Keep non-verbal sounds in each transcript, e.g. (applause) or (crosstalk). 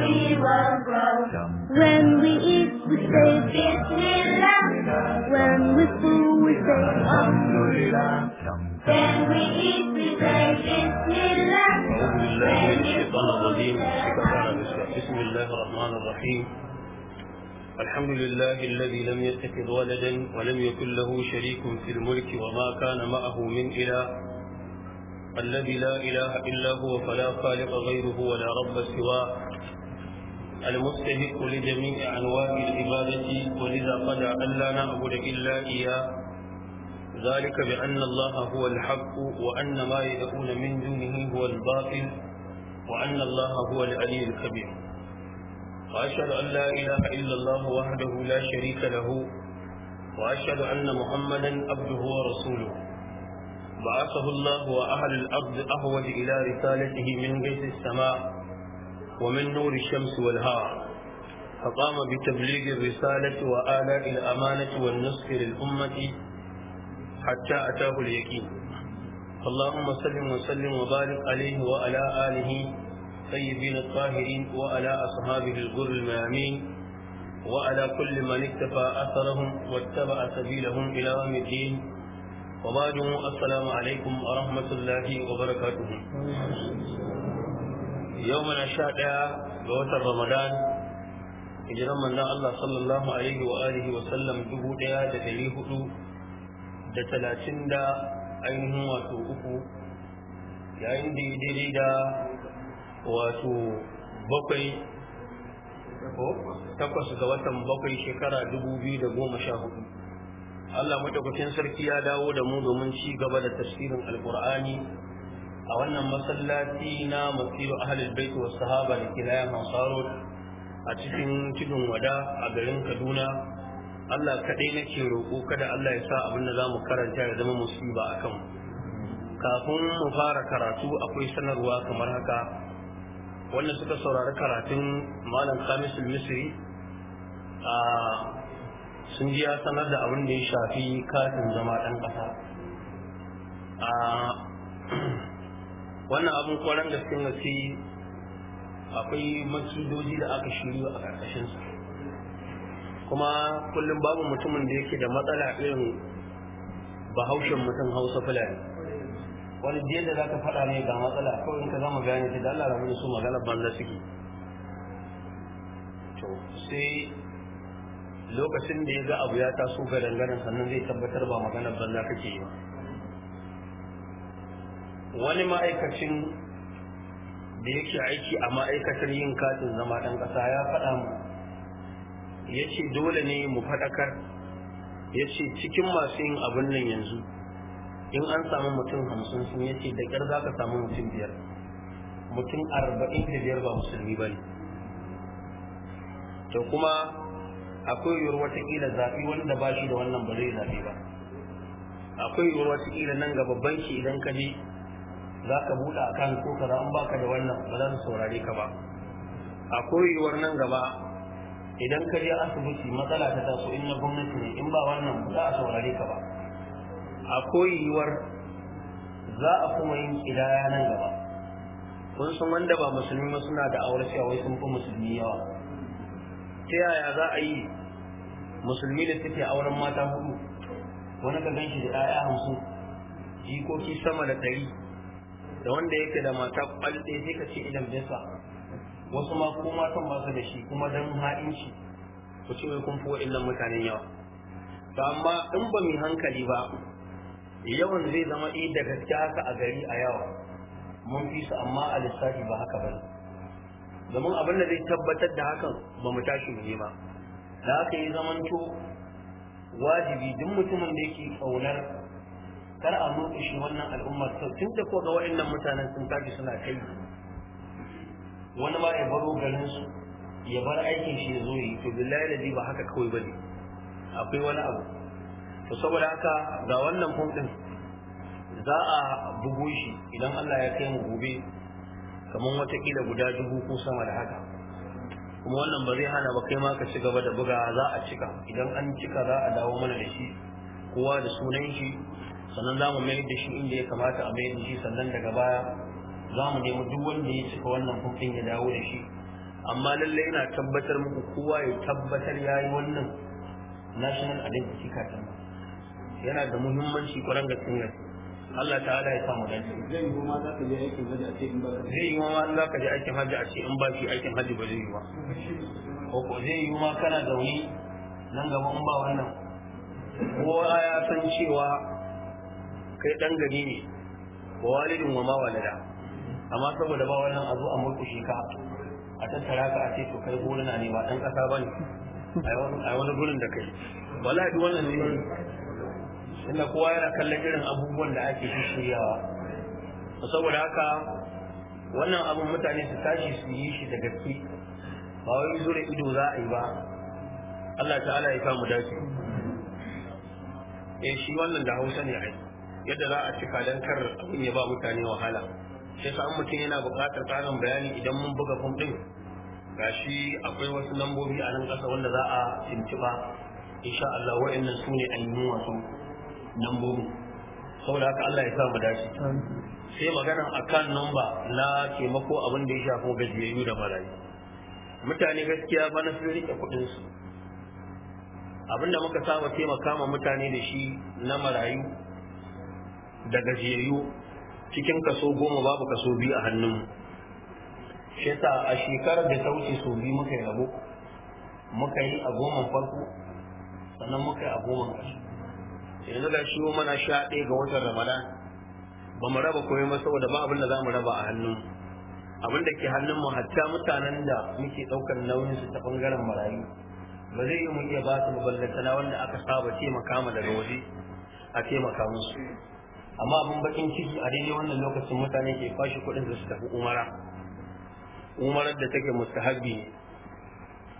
we will grow. When we eat, we say Bismillah. When we fool, we say Alhamdulillah. When we eat, we say Bismillah. بسم الله الرحمن الرحيم الحمد لله الذي لم يتخذ ولدا ولم يكن له شريك في الملك وما كان معه من إله الذي لا إله إلا هو فلا خالق غيره ولا رب سواه المستهق لجميع أنواع العبادة ولذا قد ألا نعبد إلا إياه ذلك بأن الله هو الحق وأن ما يدعون من دونه هو الباطل وأن الله هو العلي الكبير وأشهد أن لا إله إلا الله وحده لا شريك له وأشهد أن محمدا عبده ورسوله بعثه الله وأهل الأرض أهود إلى رسالته من بيت السماء ومن نور الشمس والهواء فقام بتبليغ الرسالة وآلاء الأمانة والنصح للأمة حتى أتاه اليقين اللهم سلم وسلم وبارك عليه وعلى آله الطيبين الطاهرين وعلى أصحابه الغر الميامين وعلى كل من اكتفى أثرهم واتبع سبيلهم إلى يوم الدين وبعد السلام عليكم ورحمة الله وبركاته yau mana sha ɗaya ga watan ramadan hijiran manzon Allah sallallahu alaihi wa wa sallam dubu ɗaya da ɗari hudu da talatin da ainihin wato uku yayin da ya daidai wato bakwai takwas ga watan bakwai shekara dubu biyu da goma sha hudu Allah madaukakin sarki ya dawo da mu domin ci gaba da tafsirin alkur'ani a wannan masallaci na musiru ahalul bait wa sahaba da kilaya masaro a cikin cikin wada a garin kaduna Allah kaɗai nake roƙo kada Allah ya sa abin da za mu karanta ya zama musiba a kan kafin mu fara karatu akwai sanarwa kamar haka Wannan suka saurari karatun malam kamisul misri a sun ji ya sanar da abin da ya shafi katin zama ɗan ƙasa wannan abin kwaran gaskiyar gaske akwai matsudoji da aka shirya a ƙarƙashin kuma kullum babu mutumin da yake da matsala irin bahaushen mutum hausa fulani wani jiya da za ka faɗa ne ga matsala kawai ka zama gane ta da Allah rabu su magana banza suke to sai lokacin da ya ga abu ya taso ga gadan sannan zai tabbatar ba maganar banza kake yi ba wani ma'aikacin da yake aiki a ma'aikatar yin katin zama ɗan ƙasa ya faɗa mu ya ce dole ne mu faɗakar ya ce cikin masu yin abin nan yanzu in an samu mutum hamsin sun ya ce da ƙyar za ka samu mutum biyar mutum arba'in da biyar ba musulmi ba ne to kuma akwai yiwuwar watakila zafi wanda ba shi da wannan ba zai zafi ba akwai yiwuwar watakila nan gaba banki idan ka je za ka buɗe kan ko kaza an baka da wannan ba za su saurare ka ba a koyewar nan gaba idan ka je asibiti matsala ta taso in na gwamnati ne in ba wannan ba za a saurare ka ba a koyewar za a kuma yin kidaya nan gaba kun san wanda ba musulmi ba suna da aure cewa wai sun fi musulmi yawa ta yaya za a yi musulmi da suke auren mata hudu wani ka ganshi da ɗaya hamsin jikoki sama da ɗari da wanda yake da mata kwalɗe sai ka ce idan bisa wasu ma ko matan ba su da shi kuma dan ha'inci ku ce wai kun fi wa'annan mutanen yawa to amma in ba mu hankali ba yawan zai zama eh da gaske haka a gari a yawa mun fi su amma a lissafi ba haka ne. domin abin da zai tabbatar da hakan ba mu tashi mu ba da haka yi zamanto wajibi duk mutumin da yake ƙaunar. kar a shi wannan al'ummar to tun da koga waɗannan mutanen sun tafi suna kai wani ma ya baro garin su ya bar aikin shi ya zo yi to billahi da ba haka kawai ne, akwai wani abu to saboda haka ga wannan fomɗin za a bugu shi idan Allah ya kai mu gobe kamar watakila guda dubu ko sama da haka kuma wannan ba zai hana ba kai ma ka ci gaba da buga za a cika idan an cika za a dawo mana da shi kowa da sunan shi sannan za mu mayar da shi inda ya kamata a mayar da shi sannan daga baya za mu nemi duk wanda ya cika wannan hukun ya dawo da shi amma lallai ina tabbatar muku kowa ya tabbatar ya yi wannan national identity card yana da muhimmanci kwarar gaske gaske Allah ta'ala ya samu dace zai yi ma za ka je aikin haji a ce in ba zai yi ma za ka je aikin haji a ce in ba shi aikin haji ba zai yi ma. ko zai yi ma kana zaune nan gaba in ba wannan kowa ya san cewa kai dan gani ne wa walidin wa mawalida amma saboda ba wannan abu a mulkushi ka a tattara ka a ce to kai na ne ba dan kasa bane a wani gurin da kai wallahi duk wannan ne inda kowa yana kallon irin abubuwan da ake shiryawa saboda haka wannan abun mutane su tashi su yi shi da gaske ba wai zure ido za a yi ba Allah ta'ala ya samu dace eh shi wannan da Hausa ne ai yadda za a cika don kar abin ya ba mutane wahala sai sa mutum yana buƙatar tsarin bayani idan mun buga fom ɗin gashi akwai wasu lambobi a nan ƙasa wanda za a tuntuɓa insha Allah wa'annan su ne ainihin wasu lambobin saboda haka Allah ya sa mu dace sai maganar akan namba na taimako abin da ya shafi gajiyayyu da marayu mutane gaskiya ba bana sun riƙe kuɗinsu abinda muka saba taimaka ma mutane da shi na marayu da gajiyayyu cikin kaso goma babu kaso biyu a hannunmu shi yasa a shekarar da ta wuce so biyu muka yi rabo muka yi a goma farko sannan muka yi a goma ƙarshe yanzu ga shi mana sha ɗaya ga watan ramadan ba mu raba komai ba saboda ba abin za mu raba a hannun abin da ke hannun mu hatta mutanen da muke ɗaukar nauyin su ta bangaren marayu ba zai yi mu iya ba su wanda aka saba taimaka daga waje a taimaka musu amma abin bakin ciki a daidai wannan lokacin mutane ke kwashe kuɗin da su tafi umara umarar da take mustahabbi ne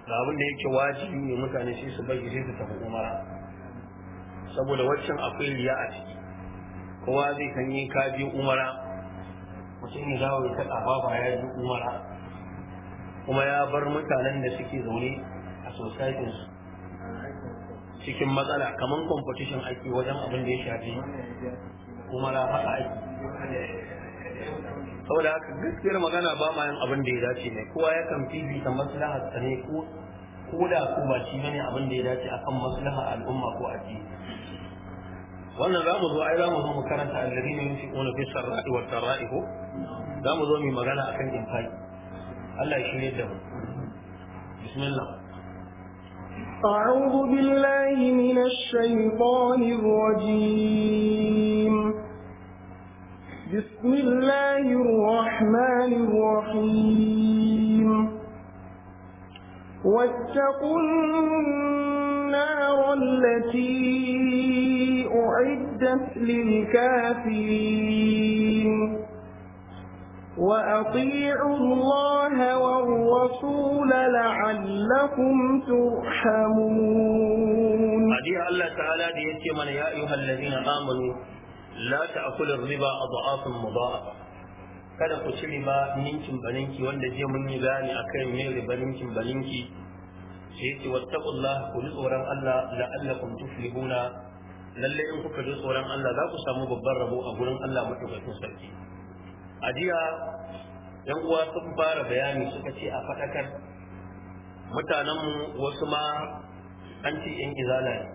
ga abin da yake wajibi ne mutane sai su bari shi su tafi umara saboda waccan akwai riya a ciki kowa zai san yi kaji umara mutum ya zawo ya taɗa ba ya ji umara kuma ya bar mutanen da suke zaune a societinsu cikin matsala kamar competition ake wajen abin da ya shafi kuma na haka ake saboda haka gaskiyar magana ba ma yin abin da ya dace ne kowa ya kan fifita maslahar maslaha ne ko ko da ko ba shi bane abin da ya dace akan maslaha al'umma ko addini wannan za mu zo ai za mu zo mu karanta alladhina yunfiquna fi sarra'i wa sarra'i ko za mu zo mu magana akan infaki Allah ya shirye da mu bismillah أعوذ بالله من الشيطان الرجيم بسم الله الرحمن الرحيم واتقوا النار التي أعدت للكافرين وأطيعوا الله والرسول لعلكم ترحمون حديث الله تعالى دي من يا أيها الذين آمنوا لا تأكل الربا أضعاف مضاعفة kada ku ci riba ninkin baninki wanda je mun yi gani akan me riba ninkin baninki sai ce wattaqullah ku ji tsoron Allah la'allakum tuflihuna lalle in kuka ji tsoron Allah za ku samu babban rabo a gurin Allah madaukakin sarki a jiya yan uwa sun fara bayani suka ce a fadakar mutanenmu wasu ma an ce yan izala ne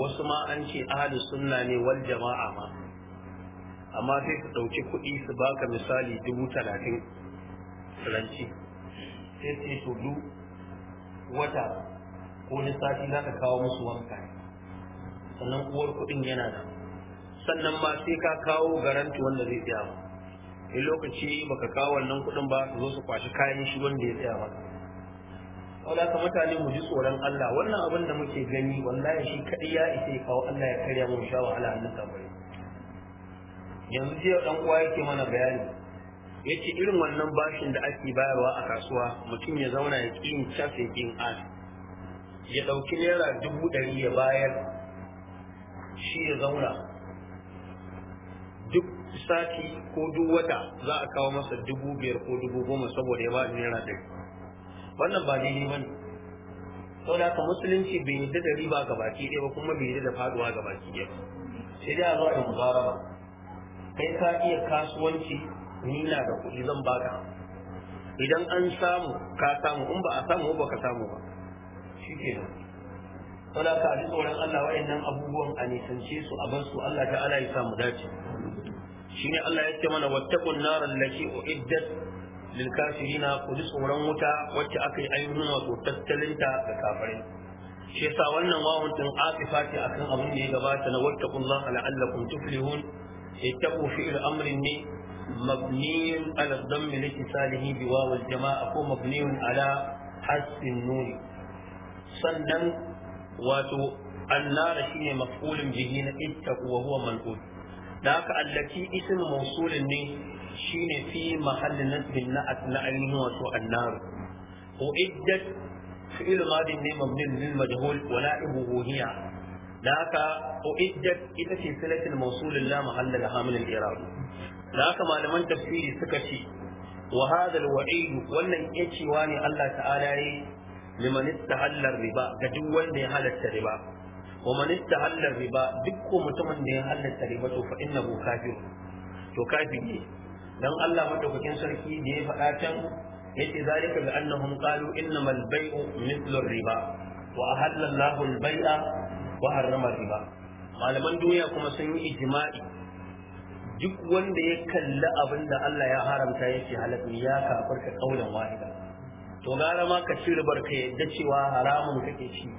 wasu ma an ce ahalus sunna ne wal jama'a ma amma sai su ɗauki kuɗi su baka misali dubu talatin ranci sai su to du wata ko ni sati za ka kawo musu wanka sannan uwar kuɗin yana nan sannan ma sai ka kawo garanti wanda zai biya mu in lokaci baka kawo wannan kuɗin ba su zo su kwashi kayan shi wanda ya tsaya maka wala ka mutane mu ji tsoron Allah wannan abin da muke gani wallahi shi kadai ya isa ya kawo Allah ya karya mu sha wahala Allah yanzu jiya ɗan uwa yake mana bayani Ya yace irin wannan bashin da ake bayarwa a kasuwa mutum ya zauna ya ƙin cafe kin as ya ɗauki naira dubu ɗari ya bayar shi ya zauna sati ko duk wata za a kawo masa dubu biyar ko dubu goma saboda ya ba da naira ɗaya. wannan ba daidai ba ne saboda haka musulunci bai yadda da riba ga baki ɗaya ba kuma bai yadda da faduwa ga baki ɗaya sai dai a zo a mubaraba kai ka iya kasuwanci ni na da kuɗi zan baka idan an samu ka samu in ba a samu ba ka samu ba shi kenan haka a ji tsoron Allah wa'annan abubuwan a nisance su a bar su Allah ta'ala ya samu dace shine Allah ya ce mana wattaqun nar allati uiddat lil kafirina ku ji tsoron wuta wacce aka yi ayyuka masu tattalin ta da kafare shi wannan wawun din asifa ce akan abin da ya gabata na wattaqun Allah la'allakum tuflihun ittaqu fi al-amri ni mabniyun ala dhammi lati salihi bi waw jamaa ko mabniyun ala hasin nuri sannan wato annara shine maf'ulun bihi na ittaqu wa huwa mal'ul da aka allati isin mawsulin ne shi ne fi mahalli nasbin na asna ainihi wato annar uiddat fi'il madi ne mabnin lil majhul wa la'ibuhu hiya da haka uiddat ita ce filatin mawsulin la mahalla da hamil al-i'rab da aka malaman tafsiri suka ce wa hadha al-wa'id wannan yacewa ne Allah ta'ala yi liman istahalla riba ga duk wanda ya halatta riba wa man riba duk ko mutumin da ya halatta riba to fa innahu kafir to kafir ne dan Allah madaukakin sarki da ya faɗa can yace zalika bi annahum qalu innamal bay'u mithlu riba wa ahalla Allahu al-bay'a wa harrama riba malaman doya kuma sanyi yi duk wanda ya kalli abin da Allah ya haramta yake halatu ya kafirka kaulan wahida to gara ma ka ci ribar ka yadda cewa haramun kake ci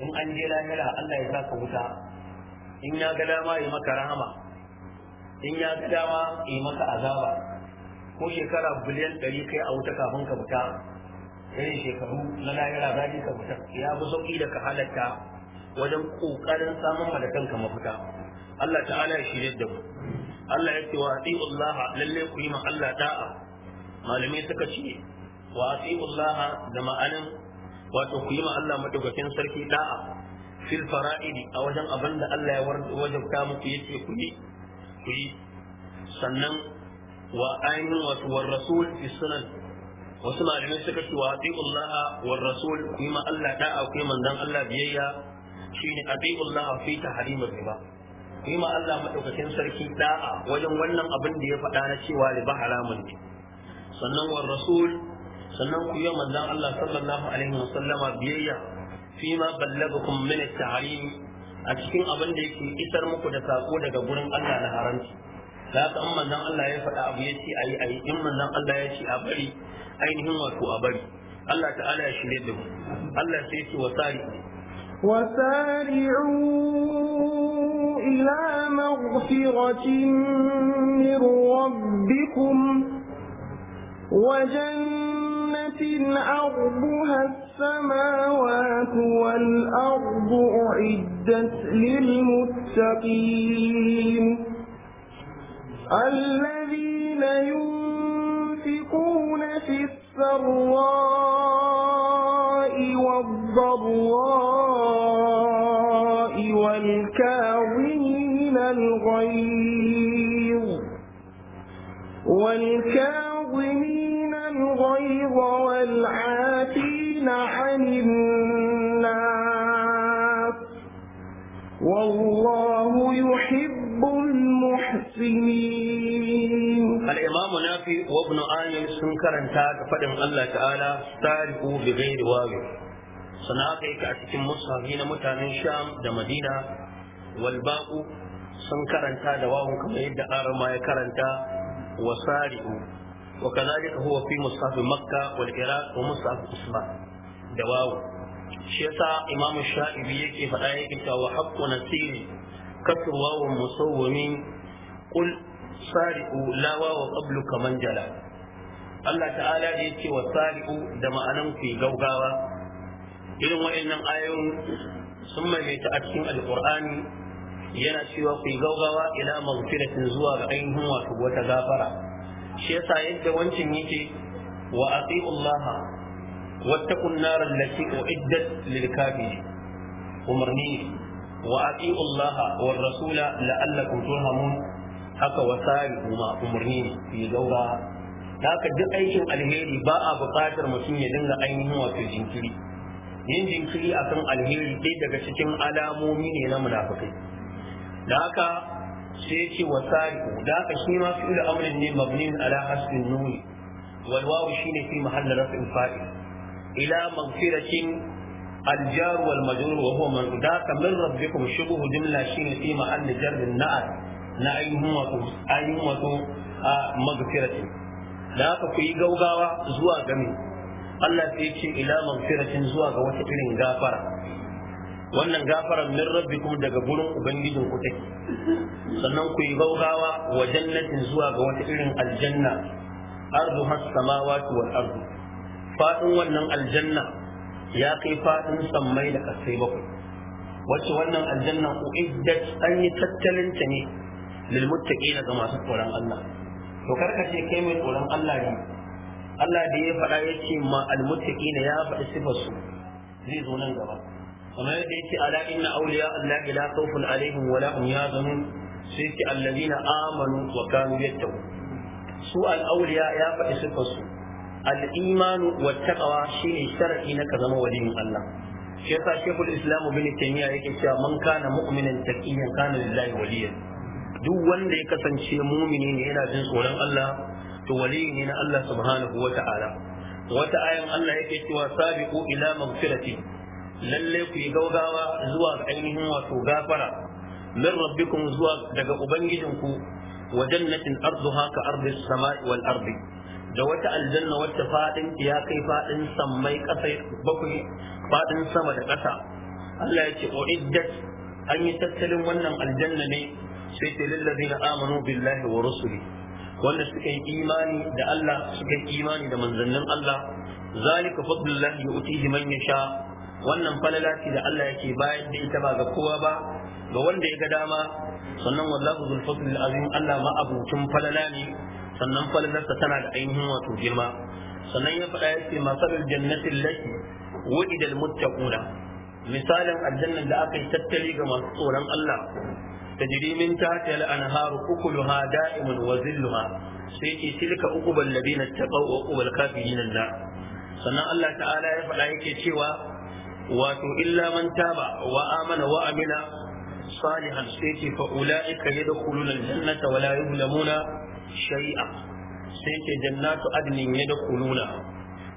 in an je lahira Allah ya saka wuta in ya ga dama ya maka rahama in ya ga dama ya maka azaba ko shekara biliyan ɗari kai a wuta kafin ka fita irin shekaru na lahira za ka fita ya fi sauƙi da ka halatta wajen ƙoƙarin samun malakan ka mafita Allah ta'ala ya shirya da mu Allah ya ce wa ati'u Allah lalle ku yi ma Allah da'a malamai suka ce wa ati'u Allah da ma'anin wato ku yi ma Allah madaukakin sarki da'a fil fara'idi a wajen abin da Allah ya wajen ta muku yace ku yi ku yi sannan wa ainihin wasu war rasul fi sunan wasu malamai suka ce wa Allah war rasul ku yi ma Allah da'a ku yi manzon Allah biyayya shine Allah fi tahrimir riba ku yi ma Allah madaukakin sarki da'a wajen wannan abin da ya faɗa na cewa riba haramun ne sannan war rasul sannan ku yi manzan Allah sallallahu alaihi wa sallama biyayya fi ma ballagakum min at-tahrim a cikin abin da yake isar muku da sako daga gurin Allah na haranci da haka in manzon Allah ya faɗa abu ya ce ayi ayi in manzan Allah ya ce a bari ainihin wato a bari Allah ta'ala ya shirye da mu Allah sai ce wasari وسارعوا إلى مغفرة من ربكم وجنة عرضها السماوات والأرض أعدت للمتقين الذين ينفقون في السراء والضراء والكاظمين الغيظ والكاظمين غيظ والعافين عن الناس والله يحب المحسنين الإمام نافي وابن آية سنكر انتا فدن الله تعالى تاركوا بغير واقع صناعك كأسك مصحفين متانين شام دمدينة والباء sun karanta da wawon kamar yadda arama ya karanta وكذلك هو في مصحف مكة والعراق ومصحف عثمان دواو شيسا إمام الشائبي يكي فآيك وحق نسير كسر واو مصومين قل سارقوا لا واو قبل كمن جلا الله تعالى يكي وسارقوا دم أنم في جوغاوة إذن وإن آيون ثم يتأكسون القرآن yana cewa ku yi gaugawa ila maghfiratin zuwa ga ainihin wato wata gafara shi yasa yadda wancan yake wa atiu Allah wattaqun nar allati uiddat lil kafirin umarni wa atiu Allah war rasula la'allakum turhamun haka wasari kuma umarni fi gaura haka duk aikin alheri ba a buƙatar mutum ya dinga ainihin wato jinkiri yin jinkiri akan alheri ɗaya daga cikin alamomi ne na munafikai da haka sai ce wa sariqu da haka shi ma fi'il amrin ne mabnin ala hasbin nun wal waw shine fi mahalli raf'in fa'il ila maghfiratin al jar wal majrur wa huwa man da ka min rabbikum shubuhu jumla fi mahalli jar na'at na ayyuhu wa ayyuhu da haka ku yi gaugawa zuwa ga Allah sai ce ila zuwa ga wata irin gafara wannan gafaran min kuma daga gurin ubangijin ku take sannan ku yi gaugawa wa jannatin zuwa ga wata irin aljanna ardu has samawati wal ardu fadin wannan aljanna ya kai fadin sammai da kasai bakwai wacce wannan aljanna ku. uiddat an yi tattalin ta ne lil muttaqina ga masu tsoron Allah to karka ce kai mai tsoron Allah ne Allah da ya faɗa ya ce ma al muttaqina ya faɗi sifar zai zo nan gaba kamar yadda yake ala inna awliya Allah la khawfun alaihim wa la hum yahzanun sai yake allazina amanu wa kanu yattaqun su al-awliya ya faɗi sifar su al-imanu wa taqwa shine shar'i na ka zama waliyin Allah shi yasa shekul islam ibn taymiya yake cewa man kana mu'minan taqiyan kana lillahi waliyan duk wanda ya kasance mumini ne yana jin tsoron Allah to waliyi ne na Allah subhanahu wa ta'ala wata ayan Allah yake cewa sabiqu ila maghfirati lalle ku yi gaugawa zuwa ainihin wato gafara min rabbikum zuwa daga ubangijinku wa jannatin arduha ka ardi samai wal ardi da wata aljanna wata fadin ya kai fadin sammai kasai bakwai fadin sama da kasa Allah ya ce iddat an yi tattalin wannan aljanna ne sai ta lillazina amanu billahi wa rusuli wanda suka yi imani da Allah suka yi imani da manzannin Allah zalika fadlullahi yu'tihi man yasha wannan falala ce da Allah yake bayar da ita ba ga kowa ba ga wanda ya ga dama sannan wallahu zul fadlil azim Allah ma abucin falala ne sannan falalarsa tana da ainihin wato girma sannan ya faɗa yake masalul jannatin laki wa'ida al muttaquna misalin aljannan da aka yi tattali ga masu tsoron Allah tajri min tahtiha al anharu ukuluha da'imun wa zilluha sai ke tilka uqubal ladina taqaw wa uqubal kafirin sannan Allah ta'ala ya faɗa yake cewa wato illa man taba wa amana wa amila salihan sai ce fa ulaika yadkhuluna aljannata wa layu lamuna shay'a sai ce jannatu adnin yadkhuluna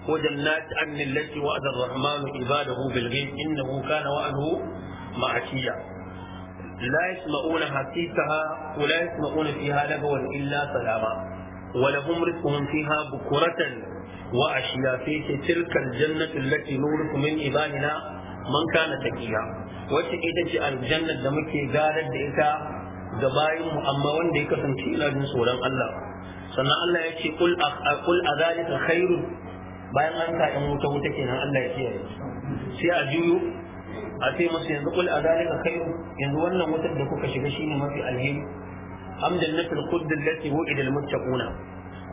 wa jannatu adnin lati wa'ada ar-rahmanu ibadahu bil ghaib innahu kana wa'aduhu ma'atiya لا يسمعون حسيسها ولا يسمعون فيها illa salama, سلاما ولهم رزقهم فيها بكرة wa ashiya sai ce tilkal jannatu allati nuruku min ibadina man kana taqiya wacce ita ce aljannar da muke gadar da ita ga bayin amma wanda ya kasance ina tsoron Allah sannan Allah ya ce kul bayan an ka in wuta wuta kenan Allah ya kiyaye sai a juyo a sai musu yanzu kul azalika khairu yanzu wannan wutar da kuka shiga shine mafi alheri am jannatul qudus allati wu'ida al muttaquna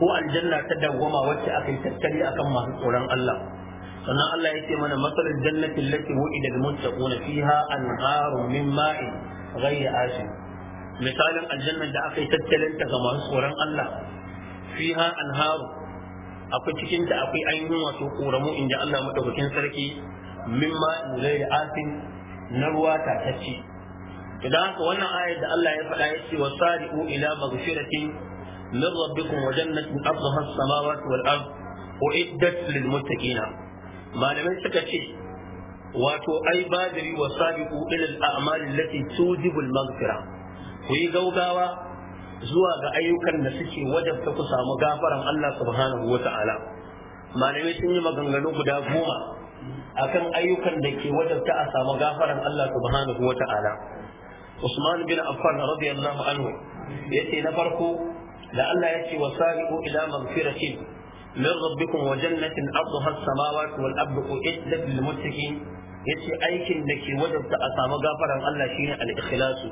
ko aljanna ta dawwama wacce aka yi tattali akan masu tsoron Allah sannan Allah yake mana masalar jannatin lati wu'ida lil muttaquna fiha anharun min ma'in ghayri asin misalin aljanna da aka yi tattalin ta ga masu tsoron Allah fiha anharu akwai cikin ta akwai ainihin wato koramu inda Allah madaukakin sarki min ma'in ghayri asin na ruwa tatacce idan haka wannan ayar da Allah ya faɗa yace wasari'u ila maghfiratin min rabbikum wa jannatin arduha as-samawati wal ard uiddat lil muttaqin malamai suka ce wato ai badiri wa sabiqu ila al a'mal allati tujibu al maghfira ku yi gaugawa zuwa ga ayyukan da suke wajabta ku samu gafaran Allah subhanahu wa ta'ala malamai sun yi maganganu guda goma akan ayyukan da ke wajabta a samu gafaran Allah subhanahu wa ta'ala Usman bin Affan radiyallahu anhu yace na farko da Allah ya ce wa sari'u ila magfiratin min rabbikum wa jannatin arduha as-samawati wal ardu uiddat lil muttaqin yace aikin da ke wajabta a samu gafaran Allah shine al-ikhlasu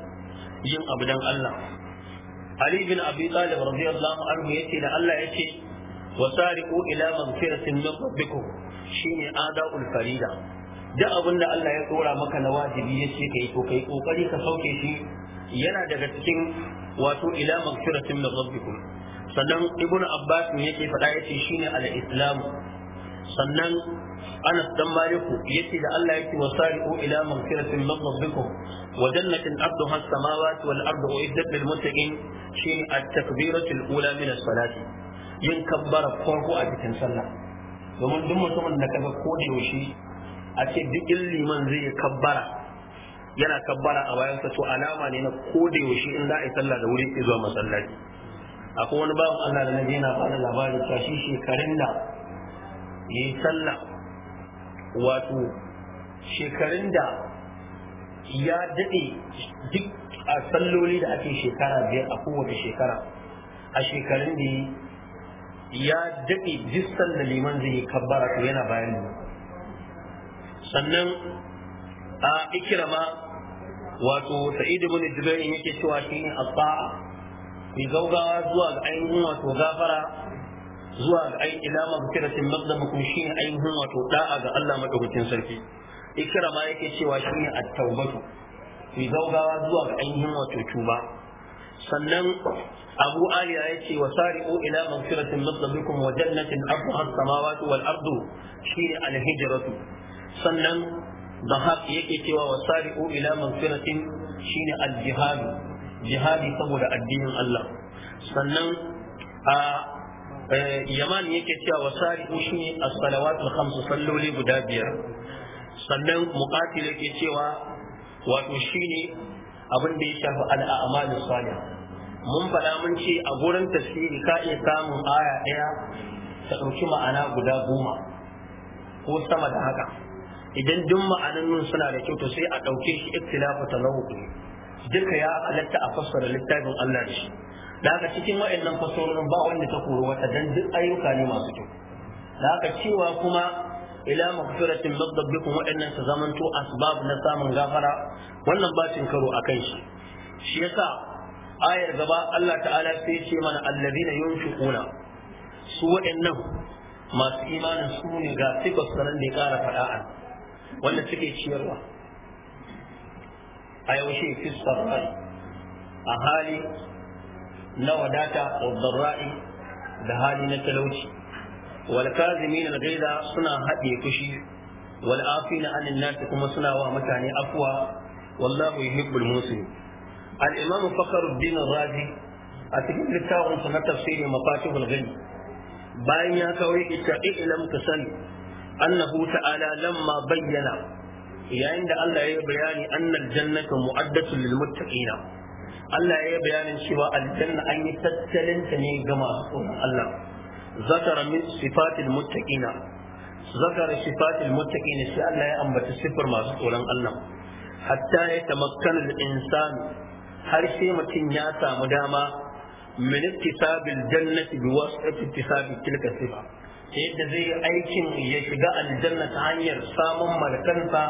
yin abu dan Allah Ali bin Abi Talib radiyallahu anhu yace da Allah yace wa sariqu ila maghfiratin min rabbikum shine ada'ul farida da abin da Allah ya tsora maka na wajibi yace kai to kai kokari ka sauke shi yana daga cikin wato ila magfiratin min rabbikum sannan ibnu abbas yake faɗa yace shine al-islam sannan Anas dan Maliku yace da Allah yake wasari'u ila magfiratin min rabbikum wa jannatin arduha as-samawati wal ardu uiddat lil muttaqin shine at-takbiratu al-ula min as-salati yin kabbara farko a cikin sallah domin duk mutumin da kaga ko da yaushe a ce duk liman zai kabbara yana kabbara a bayan sa to alama ne na koda yaushe in za a yi sallah da wuri sai zuwa masallaci akwai wani bawan Allah da nabi yana bada labarin cewa shi shekarun da yi sallah wato shekarun da ya dade duk a salloli da ake shekara biyar a kowace shekara a shekarun da ya dade duk da liman zai yi kabbara to yana bayan sannan a ikirama wato sa'id ibn jubair yake cewa shi ne asa'a ku gaugawa zuwa ga ainihin wato gafara zuwa ga ainihin ila mabkiratin kun shi ne ainihin wato da'a ga Allah madaukakin sarki ikirama yake cewa shi ne at-taubatu ku gaugawa zuwa ga ainihin wato tuba sannan abu aliya ya ce wa sari'u ila magfiratin min wa jannatin arduha as-samawati wal ardu shi al-hijratu sannan don haka yake cewa wa sari'u ila magfiratin shine al-jihad jihadi saboda addinin Allah sannan a eh, yaman yake cewa wa sari'u shine as al khamsu salloli guda biyar sannan muqatil yake cewa wato shine abin da ya shafi al-a'malu salih mun faɗa mun ce a gurin tafsiri ka iya samun aya ɗaya ta ɗauki ma'ana guda goma ko sama da haka idan duk ma'anin nun suna da kyau to sai a ɗauke shi ikhtilafu tanawwu duka ya halatta a fassara littafin Allah da shi da cikin waɗannan fassarorin ba wanda ta kori wata dan duk ayyuka ne masu kyau da cewa kuma ila maghfiratin min rabbikum waɗannan su zamanto asbab na samun gafara wannan bacin karo akan shi shi yasa ayar gaba Allah ta'ala sai ce mana allazina yunfiquna su waɗannan masu imanin su ne ga sifas sanan da ya ƙara fada'an wanda suke ciyarwa a yaushe fi sarrai a hali na wadata wa zarra'i da hali na talauci wal kazimin al ghaiza suna haɗe fushi wal na anin nasi kuma suna wa mutane afwa wallahu yuhibbul muslim al imam fakhruddin razi a cikin littafin sa na tafsirin mafatihul ghaib bayan ya kawo ita ilm ka sani annahu ta'ala lamma bayyana yayin da Allah ya yi bayani annal jannatu mu'addatu lil muttaqina Allah ya yi bayanin cewa aljanna an yi tattalin ne ga masu tsoron Allah zakara min sifatil muttaqina zakara sifatil muttaqina sai Allah ya ambaci sifar masu tsoron Allah hatta ya tamakkana al-insan har sai mutum ya samu dama min ittisabil jannati bi wasfi ittisabi tilka sifa yadda zai yi aikin ya shiga aljanna ta hanyar samun malakansa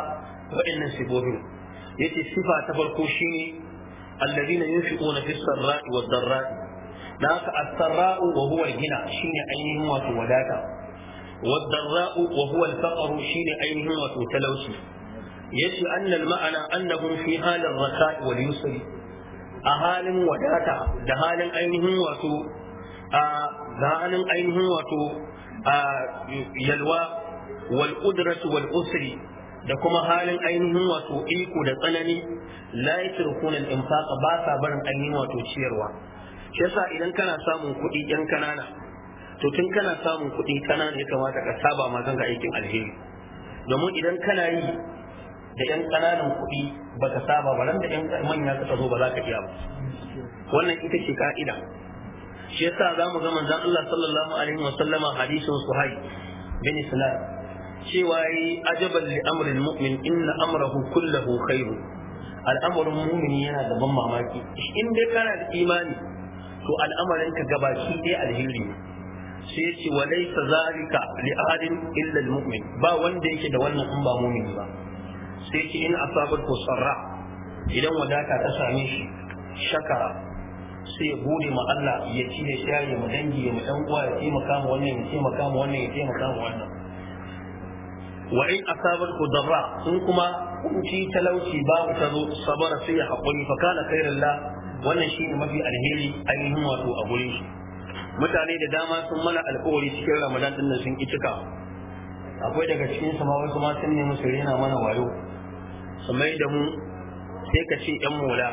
wa'annan sifofin yace sifa ta farko shine alladhina yunfiquna fis sarra'i wad dharra'i da haka as-sarra'u wa huwa al-ghina shine ainihin wato wadata wad dharra'u wa huwa al-faqru shine ainihin wato talauci yace anna al-ma'ana annahum fi halir rasa'i wal yusri a halin wadata da halin ainihin wato a halin ainihin wato yalwa wal qudratu wal usri da kuma halin ainihin wato iko da tsanani la yatrukuna al ba sa barin ainihin wato ciyarwa shi yasa idan kana samun kuɗi yan kanana to tun kana samun kuɗi kanana ya kamata ka saba ma kanka aikin alheri domin idan kana yi da yan kananan kuɗi ka saba ba ran da yan manya ka tsaro ba za ka iya ba wannan ita ce ka'ida shi yasa za mu ga manzon Allah sallallahu alaihi wa sallama hadisin suhai bin islam cewa yi ajabar li amrin mu'min inna amrahu kullahu khairu al'amarin mumini yana da ban mamaki in dai kana da imani to al'amarin ka gabaki dai alheri ne sai ya ce walai ta zalika li ahadin illa mu'min ba wanda yake da wannan in ba mumini ba sai ce in asabar sarra idan wadata ta same shi shakara sai ya gode ma Allah ya ci ya sha ya mu dangi ya madan uwa ya taimaka ma wannan ya taimaka ma wannan ya taimaka ma wannan wa in asabar ku darra in kuma kunci talauci babu ta zo sabara sai ya haƙuri fa kana khairan la wannan shi ne mafi alheri ainihin wato a gurin shi mutane da dama sun mana alƙawari cikin ramadan din nan sun ki cika akwai daga cikin sama wai kuma sun nemi su rena mana wayo su mai da mu sai ka ce yan mola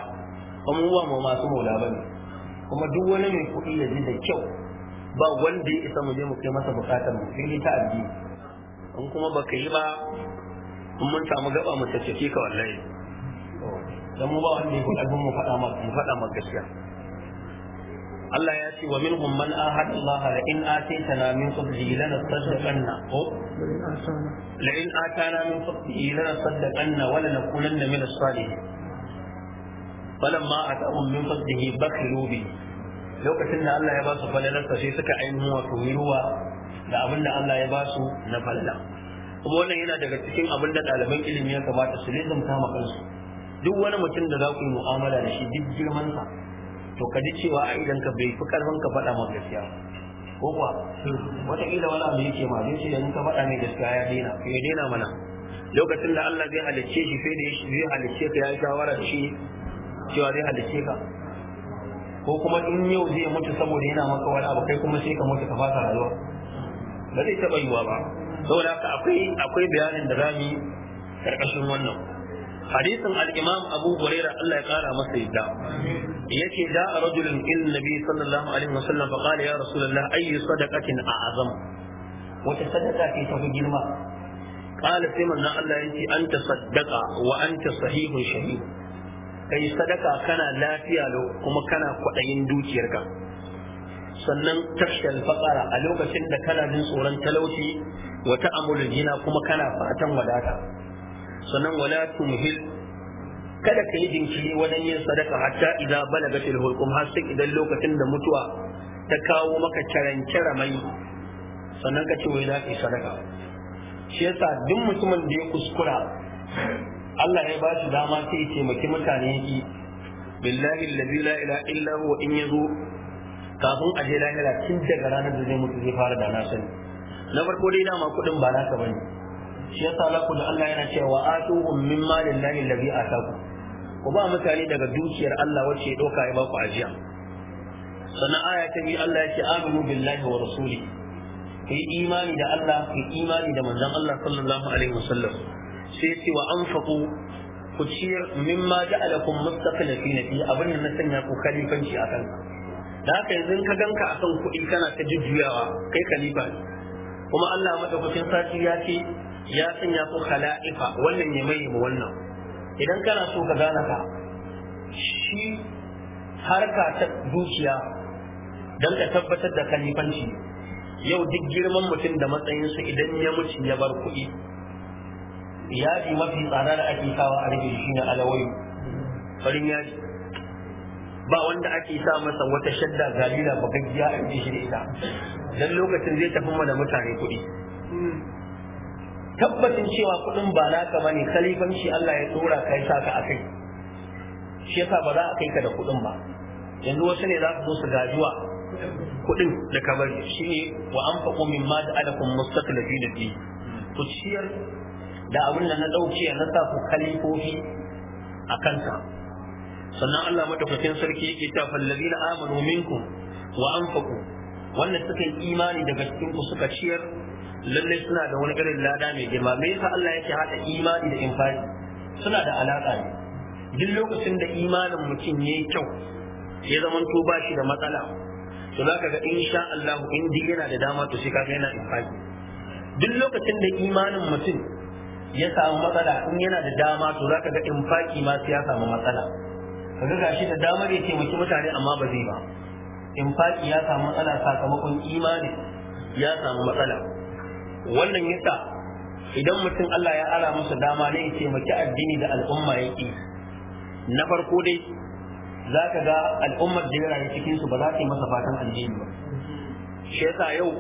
abubuwa ma masu mola bane kuma duk wani mai kuɗi ya ji da kyau ba wanda ya isa mu je mu kai masa bukatar mu sai ta addini in kuma baka yi ba in mun samu gaba mu tattace ka wallahi dan mu ba wanda ya kuɗa mu faɗa ma mu faɗa ma gaskiya Allah ya ce wa minhum man ahada Allah la in ataytana min fadlihi lanasaddaqanna ko la in atana min fadlihi lanasaddaqanna wa lanakunanna min as-salihin falamma ata'um min fadlihi bakhilu bi lokacin da Allah ya ba su falalarsa sai suka ainihin wato ruwa da abin Allah ya ba su na falala kuma wannan yana daga cikin abin da ɗaliban ilimi ya kamata su lizumta ma kansu duk wani mutum da za ku yi mu'amala da shi duk to ka ji cewa a idan ka bai fi karfin ka faɗa ma gaskiya ko kuwa wataƙila wani abu yake ma zai ce da ka faɗa mai gaskiya ya daina ya daina mana lokacin da Allah zai halicce shi sai da zai halicce ka ya shawara da shi cewa zai halicce ka ko kuma in yau zai mutu saboda yana maka wani abu kai kuma sai ka mutu ka fasa rayuwa ba zai taɓa yiwuwa ba saboda haka akwai akwai bayanin da za mu yi karkashin wannan hadisin al-imam abu hurairah Allah ya kara masa yadda yace da rajulun il nabi sallallahu alaihi wasallam fa qala ya rasulullah ayyu sadaqatin a'zam wata sadaka ce ta fi girma qala sai manzon Allah yace anta saddaqa wa anta sahihun shahih kai sadaka kana lafiya lo kuma kana kwaɗayin dukiyarka sannan tashar faqara a lokacin da kana jin tsoron talauci wa ta'amulul jina kuma kana fatan wadata sannan wala tumhil kada ka yi jinkiri wajen yin sadaka hatta idan balagatil hulqum har sai idan lokacin da mutuwa ta kawo maka carance mai sannan ka ce wai za ka sadaka shi yasa duk mutumin da ya kuskura Allah ya ba shi dama sai ya taimaki mutane yaki billahi allazi la ilaha illa huwa in yazo kafin a je lahira tun daga ranar da zai mutu zai fara da nasan na farko dai dama kuɗin ba nasa bane shi yasa laku da Allah yana cewa wa atuhum min malillahi allazi ataku ku ba mutane daga dukiyar Allah wacce ya doka ya ba ku ajiya sannan aya ta biyu Allah ya ce aminu billahi wa rasuli ku yi imani da Allah ku yi imani da manzon Allah sallallahu alaihi wasallam sai ce wa anfaqu ku ciyar mimma ja'alakum mustaqillina fi abin nan na sanya ku kalifanci a da haka yanzu ka ganka akan kuɗi kana ta jujjuyawa kai kalifa kuma Allah madaukakin sati ya ce ya sanya ku khala'ifa wannan ya mai mu wannan idan kana so ka gane ka shi harka ta dukiya don ka tabbatar da kalifanci yau duk girman mutum da matsayinsa idan ya mutu ya bar kuɗi yadi mafi tsada da ake sawa a shi ne alawai farin yadi ba wanda ake sa masa wata shadda galila bagaggiya a rufe shi da ita dan lokacin zai tafi mana mutane kuɗi tabbacin cewa kuɗin ba naka bane shi Allah ya tsora kai saka akai shi yasa ba za a kai ka da kuɗin ba yanzu wasu ne za su zo su gajuwa kuɗin da ka bari ne wa anfaqu mimma ja'alakum mustaqlifin fi ku ciyar da abin da na ɗauke na sa ku kalifofi a kanta. sannan Allah madaukakin sarki yake ta fallabi na amanu minkum wa anfaqu wannan suka yi imani daga cikin ku suka ciyar lallai suna da wani irin lada mai girma me yasa Allah yake hada imani da infaki suna da alaka ne duk lokacin da imanin mutum yayi kyau ya zama to ba shi da matsala to zaka ga insha Allah in yana da dama to sai kaga yana infaki duk lokacin da imanin mutum ya samu matsala in yana da dama to ka ga infaki ma sai ya samu matsala kaga gashi da damar ya taimaki mutane amma ba zai ba infaki ya samu matsala sakamakon imani ya samu matsala wannan yasa idan mutum Allah ya ara masa dama ne ya taimaki addini da al'umma yake na farko dai za ka ga al'ummar da ya cikin su ba za ta yi masa fatan addini ba shi yasa yau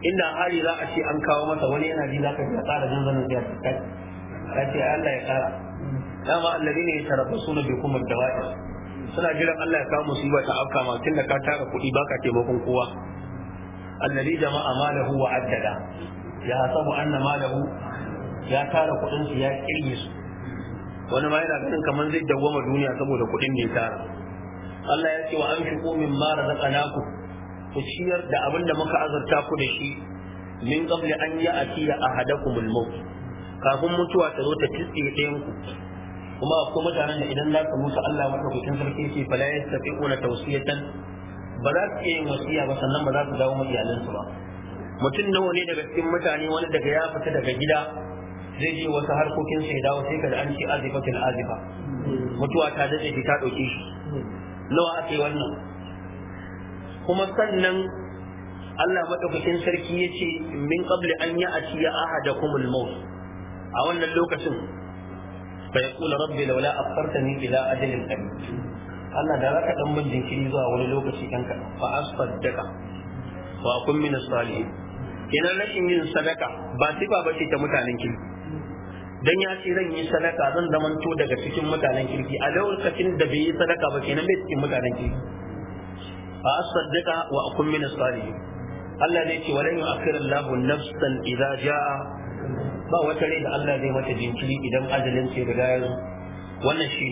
inda hali za a ce an kawo masa wani yana ji za ka ji a tsara zanzanin sai ka ce Allah ya kara dama allazi ne ya tarafa suna bai kuma da wa'i suna jiran Allah ya kawo musiba ta afka ma tun da ka tara kuɗi baka taimakon kowa allazi jama'a malahu wa addada ya hasabu anna malahu ya tara kuɗin su ya kirge su wani ma yana ganin kamar zai dawwama duniya saboda kuɗin da ya tara Allah ya ce wa an shigo min mara ma razaqnakum ku ciyar da abin da muka azurta ku da shi min qabli an ya'tiya ahadakumul maut kafin mutuwa ta zo ta tsitsi ɗayan ku kuma akwai mutanen da idan za su mutu Allah ku madaukakin sarki ce fala yastati'una tawsiyatan ba za su iya yin wasiya ba sannan ba za su dawo ma iyalansu ba mutum nawa ne daga cikin mutane wani daga ya fita daga gida zai je wasu harkokin sai dawo sai kada an ce azifatin azifa mutuwa ta dace ta dauke shi nawa ake wannan kuma sannan Allah madaukakin sarki ya ce min qabli an ya ati ya ahadakum al-maut a wannan lokacin fa yaqulu rabbi laula ni ila ajalin qarib Allah da raka ɗan mun jinkiri zuwa wani lokaci kan ka fa asfaddaka wa akun min as-salihin kenan rashin yin sadaka ba sifa ce ta mutanen Kiri. dan ya ce zan yi sadaka zan zamanto daga cikin mutanen kirki a lokacin da bai yi sadaka ba kenan bai cikin mutanen kirki a asaddiqa wa akun min salihin Allah ne ce walan yu'akhir Allah nafsan idza jaa ba wata rai da Allah zai mata jinkiri idan ajalin sai riga ya zo wannan shi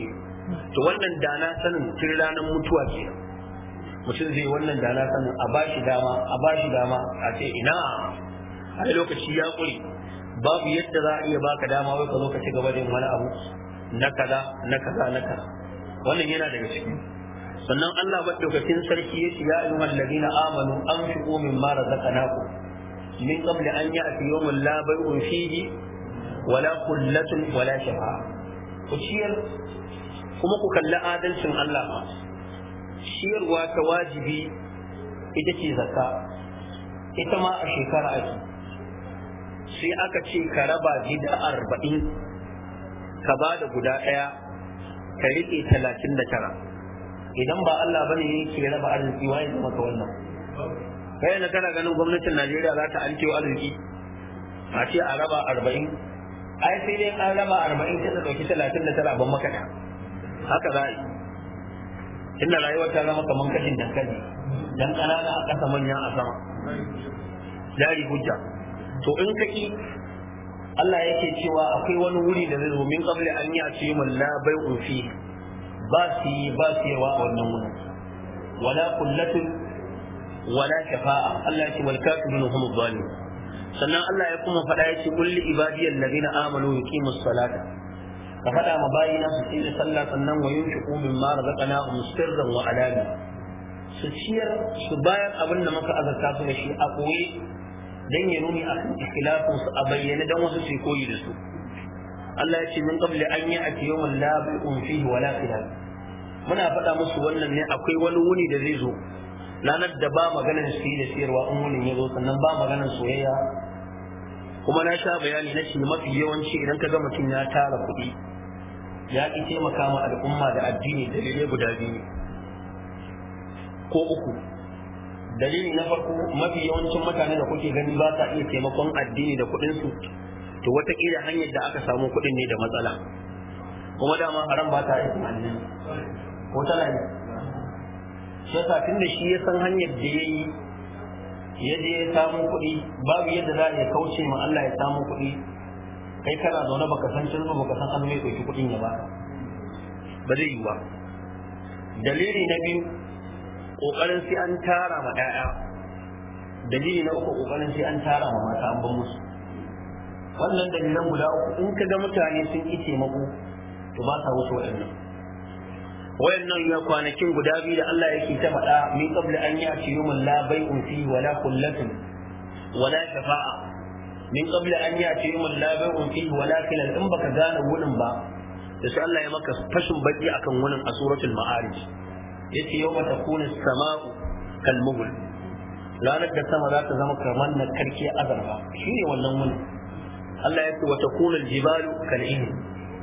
to wannan dana sanin tun ranar mutuwa ke. mutum zai wannan dana sanin a bashi dama a bashi dama a ce ina a lokaci ya kure babu yadda za a iya baka dama wai ka zo ka ci gaba da wani abu na kaza na kaza na kaza wannan yana daga ciki sannan Allah madaukakin sarki ya ce ya ayyuhal ladina amanu anfiqu mimma razaqnakum min qabl an ya'ti yawmun la bay'un fihi wala kullatun wala shafa ku ciyar kuma ku kalli adalcin Allah ma ciyarwa ta wajibi ita ce zakka ita ma a shekara ake sai aka ce ka raba gida arba'in ka ba da guda ɗaya ka riƙe talatin da tara idan ba Allah bane ke raba arziki waye ya maka wannan kai yanzu kana ganin gwamnatin Najeriya za ta antewa arziki a ce a raba arba'in ai sai dai an raba arba'in sai ta ɗauki talatin da tara ban maka haka za a yi inda rayuwar ta zama kamar kashin dankali dan ƙanana a ƙasa manya a sama jari hujja to in ka ƙi. Allah yake cewa akwai wani wuri da zai zo min qabli an yi asimun la bai'un fi ba su yi ba su yawa a wannan wurin wala kullatun wala shafa'a Allah ya ce wal kafirun hum zalimun sannan Allah ya kuma faɗa ya ce kulli ibadiyal ladina amanu yuqimus salata ka faɗa ma bayina su tsira sallah sannan wa yunfiqu mimma razaqnahum sirran wa alani su ciyar su bayar abin da muka azarta su da shi a koye dan ya nuni akan ikhlasin su a bayyane dan wasu su koyi da su Allah ya ce min qabli an yi a yawmin la bai'un fihi wala kidan muna faɗa musu wannan ne akwai wani wuni da zai zo ranar da ba maganar shi da siyarwa in wunin ya zo sannan ba maganar soyayya kuma na sha bayani na shi mafi yawanci idan ka ga mutum ya tara kuɗi ya ƙi taimaka ma al'umma da addini dalilai guda biyu ko uku dalili na farko mafi yawancin mutane da kuke gani ba sa iya taimakon addini da kuɗinsu to wataƙila hanyar da aka samu kuɗin ne da matsala kuma dama haram ba ta yi ko tana yi shi tun da shi ya san hanyar da ya yi ya je ya samu kuɗi babu yadda za ya kauce ma Allah ya samu kuɗi kai kana zaune baka san cin baka san an mai ɗauki kuɗin ya ba ba zai yi ba dalili na biyu ƙoƙarin sai an tara ma ɗaya dalili na uku ƙoƙarin sai an tara ma mata an ban musu wannan dalilan guda uku in ka ga mutane sun ƙi taimako to ba sa wasu waɗannan wayannan ya kwanakin guda biyu da Allah yake ta faɗa min qabla an ya'ti yawmun la bay'un fihi wala kullatun wala shafa'a min qabla an ya'ti yawmun la bay'un fihi wala kilal in baka gane wurin ba da sai Allah ya maka fashin baki akan wurin a suratul ma'arij yace yawma takunu as-sama'u kal ranar da sama za ta zama kamar na karki azarfa shine wannan wurin Allah ya ce wa takunu aljibalu kal'in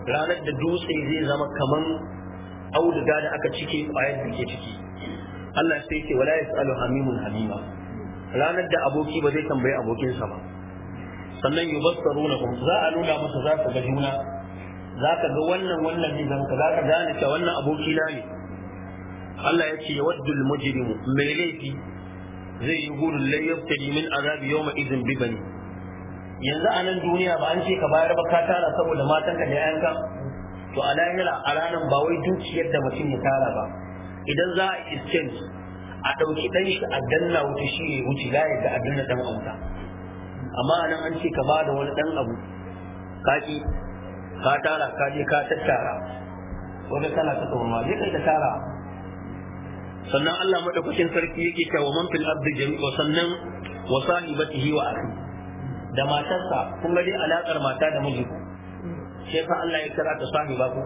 ranar da dutse zai zama kaman auduga da aka cike kwayar da ke ciki Allah sai ce wala yasalu hamimun hamima ranar da aboki ba zai tambayi abokinsa ba sannan yubassaruna za a nuna masa za ka ga juna za ka ga wannan wannan zai zama za ka gane cewa wannan aboki na ne Allah ya ce ya waddu almujrimu mai laifi zai yi gudun lai yaftadi min azabi yawma idhin bibani yanzu a nan duniya ba an ce ka bayar ba ka tara saboda matanka da 'ya'yanka to a lahira a ranar ba wai dukiyar da mutum ya tara ba idan za a exchange a ɗauki ɗan shi a danna wuce shi ne wuce layi da abin da ɗan auta amma a nan an ce ka ba da wani ɗan abu kaki ka tara ka je ka tattara wanda tana ta tsoro ma zai ka tara sannan Allah madaukakin sarki yake cewa man fil abdi jami'a sannan wa sahibatihi wa akhi da matarsa kun ga dai alakar mata da miji sai fa Allah ya kira ta sami ba ku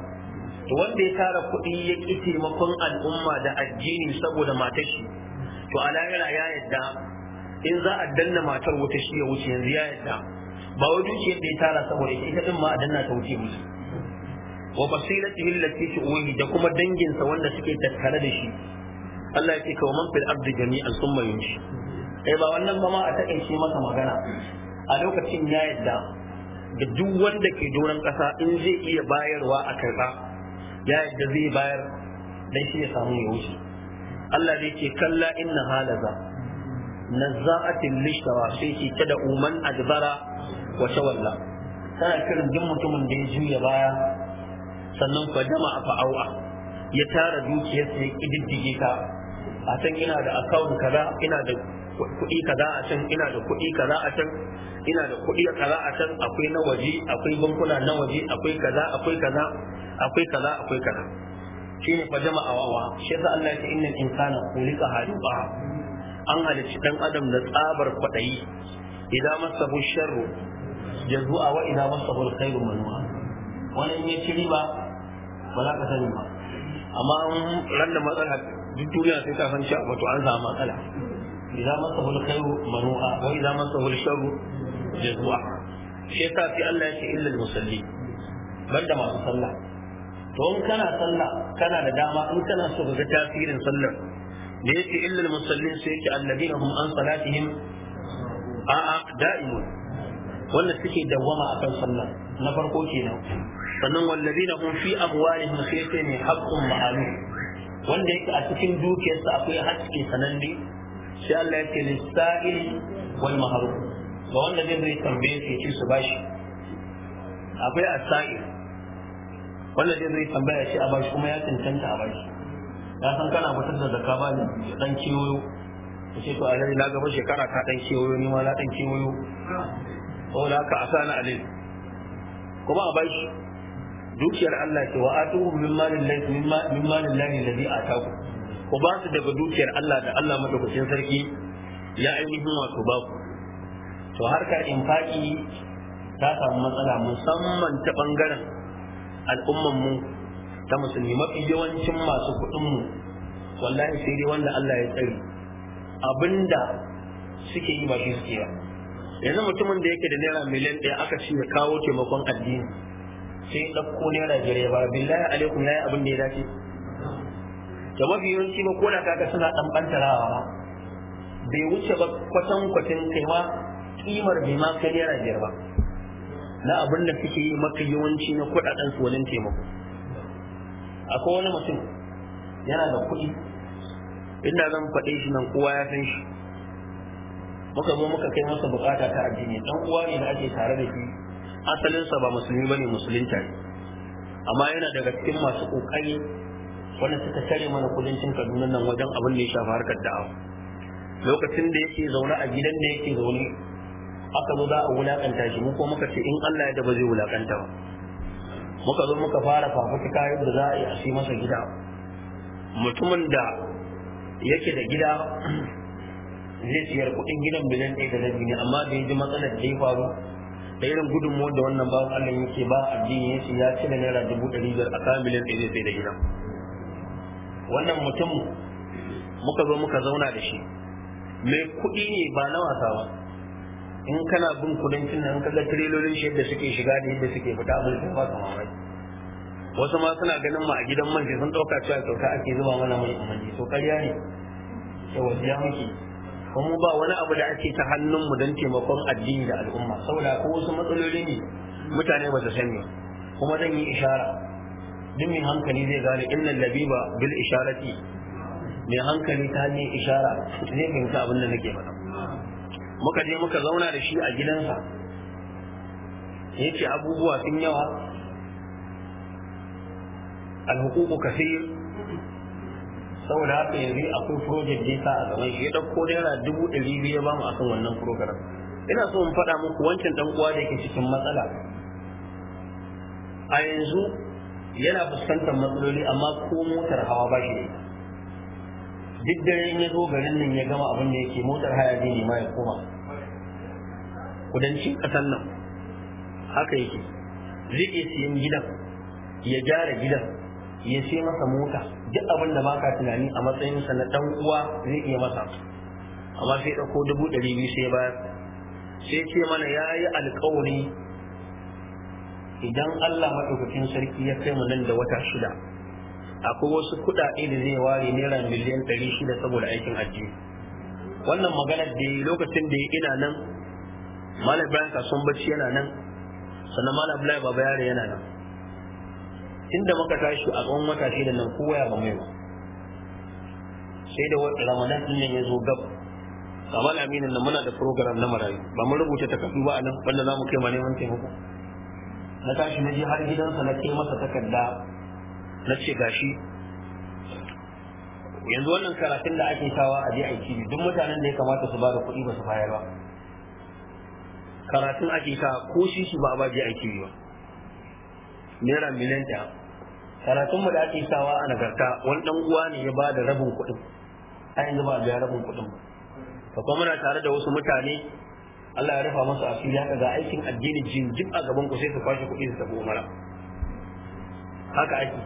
to wanda ya tara kuɗi ya ki taimakon al'umma da addini saboda matar shi to alayira ya yadda in za a danna matar wuta shi ya wuce yanzu ya yadda ba wai dukiyar da ya tara saboda ita din ma a danna ta wuce musu wa fasilatihi allati tuwihi da kuma danginsa wanda suke tattare da shi Allah ya ce man fil ardi jami'an summa yunshi eh ba wannan ba ma a takaice masa magana a lokacin ya yadda da duk wanda ke doron ƙasa in zai iya bayarwa a karɓa ya yadda zai bayar dan shi ya samu ya wuce Allah zai ce kalla inna halaza nazza'atin lishtawa sai ke ta da uman adbara wa tawalla tana kirin duk mutumin da ya juya baya sannan fa jama'a fa'awa ya tara dukiyarsa ya kididdige ta a san ina da akawun kaza ina da kuɗi kaza a can ina da kuɗi kaza a can ina da kuɗi kaza a can akwai na waje akwai bankuna na waje akwai kaza akwai kaza akwai kaza akwai kaza ne fa jama'a wawa shi yasa Allah ya ce innal insana khuliqa halu'a an halicci dan adam da tsabar kwadayi idan masahu sharru jazu'a wa idan masahu alkhairu manu'a wani in ya ci riba ba za ka sani ba amma ran da matsala duk duniya sai ka san cewa wato an samu matsala a masahu alkhairu manu'a wa idza masahu alsharru jazua shi yasa sai Allah ya ce illal musalli banda masu sallah to in kana sallah kana da dama in kana so ga tasirin sallar da yake illal musallin sai yake alladina hum an salatihim a'a da'imun wanda suke dawwama akan sallah na farko kenan sannan walladina hum fi amwalihim sai ne wanda yake a cikin dukiyarsa akwai haƙƙi sananne sai Allah ya ce lissa'il wal mahrum ga wanda zai zai tambaye sai ce su bashi akwai as-sa'il wanda zai zai tambaya shi a bashi kuma ya cancanta a bashi ya san kana fitar da zakka ba ne ya dan kewayo ya ce to a na gaba shekara ka dan kewayo ni ma na dan kewayo saboda haka a sani alil kuma a bashi dukiyar Allah ce wa atuhum min malin lahi min malin lahi alladhi ataku ku ba su daga dukiyar Allah da Allah madaukakin sarki ya ainihin wato ba ku to harkar infaki ta samu matsala musamman ta bangaren al'umman mu ta musulmi mafi yawancin masu kuɗin mu wallahi sai dai wanda Allah ya tsari abinda suke yi ba shi suke ba yanzu mutumin da yake da naira miliyan ɗaya aka ce ya kawo taimakon addini sai ya ɗauko naira biyar ba billahi alaikum ya yi abin da ya dace da mafi yawanci ba ko suna dan bantarawa ba bai wuce ba kwatan kwatin kai ma kimar bai ma kai naira biyar ba na abin da kike yi maka yawanci na kudaden su wani taimako akwai wani mutum yana da kuɗi inda zan faɗe shi nan kowa ya san shi muka zo muka kai masa bukata ta addini dan uwa ne da ake tare da shi asalinsa ba musulmi bane musulunta ne amma yana daga cikin masu kokari wanda suka tare mana cin kaduna nan wajen abin da ya shafa harkar da'awa lokacin da yake zaune a gidan da yake zaune aka zo za a wulakanta shi mu ko muka ce in Allah ya ba zai wulakanta ba muka zo muka fara fafutuka kayan da za a yi a shi masa gida mutumin da yake da gida zai siyar kuɗin gidan biliyan ɗaya da na ne amma da ya ji matsalar da ya faru da irin gudunmuwar da wannan bawan Allah yake ba addini ya ce da naira dubu ɗari biyar a kan miliyan ɗaya zai sai da gidan wannan mutum muka zo muka zauna da shi mai kuɗi ne ba na wasa ba in kana bin kudancin nan kaga trilolin shi yadda suke shiga da yadda suke fita abin da ba kamar wai wasu ma suna ganin ma a gidan man sun dauka cewa kyauta ake zuba mana mai umarni to kariya ne da ya muke kuma ba wani abu da ake ta hannun mu don taimakon addini da al'umma saboda ko wasu matsaloli ne mutane ba su sani kuma zan yi ishara duk mai hankali zai gane innan labiba bil isharati mai hankali ta ne ishara zai fahimta abin da nake faɗa muka je muka zauna da shi a gidansa yace abubuwa sun yawa alhuququ kathir saboda haka yanzu akwai project da yasa a zaman shi ya dauko naira dubu ɗari biyu ya bamu akan wannan program ina so in faɗa muku wancan dan uwa da yake cikin matsala a yanzu yana fuskantar matsaloli amma ko motar hawa ba shi duk dare in ya zo garin nan ya gama abin da yake motar haya zai nema ya koma kudancin ƙasar nan haka yake zai iya siyan gidan ya gyara gidan ya sai masa mota duk abin da baka tunani a matsayinsa na dan uwa zai iya masa amma sai ɗauko dubu ɗari biyu sai bayar sai ce mana ya yi alkawari idan Allah maɗaukakin sarki ya kai mu nan da wata shida akwai wasu kuɗaɗe da zai ware naira miliyan ɗari shida saboda aikin addini wannan magana da yi lokacin da ina nan malam bayan kasuwan bacci yana nan sannan malam abdullahi baba yare yana nan inda muka tashi a tsawon wata shida nan kowa ya mamaye mai ba sai da ramadan ɗin nan ya zo gab kamar aminin nan muna da program na marayu ba mu rubuta takardu ba a nan wanda za mu kai ma neman taimako na tashi na je har gidansa na kai masa takarda na ce gashi yanzu wannan karatun da ake sawa a je aiki ne duk mutanen da ya kamata su bada kuɗi ba su bayar ba karatun ake sa ko shi su ba a baje aiki ne ba naira miliyan ɗaya karatun mu da ake sawa a nagarta wani ɗan uwa ne ya ba da rabin kuɗin a yanzu ba a biya rabin kuɗin ba kuma muna tare da wasu mutane Allah ya rufa masa asiri haka ga aikin addini jinjin a gaban ku sai su kwashe kuɗi su tafi umara haka ake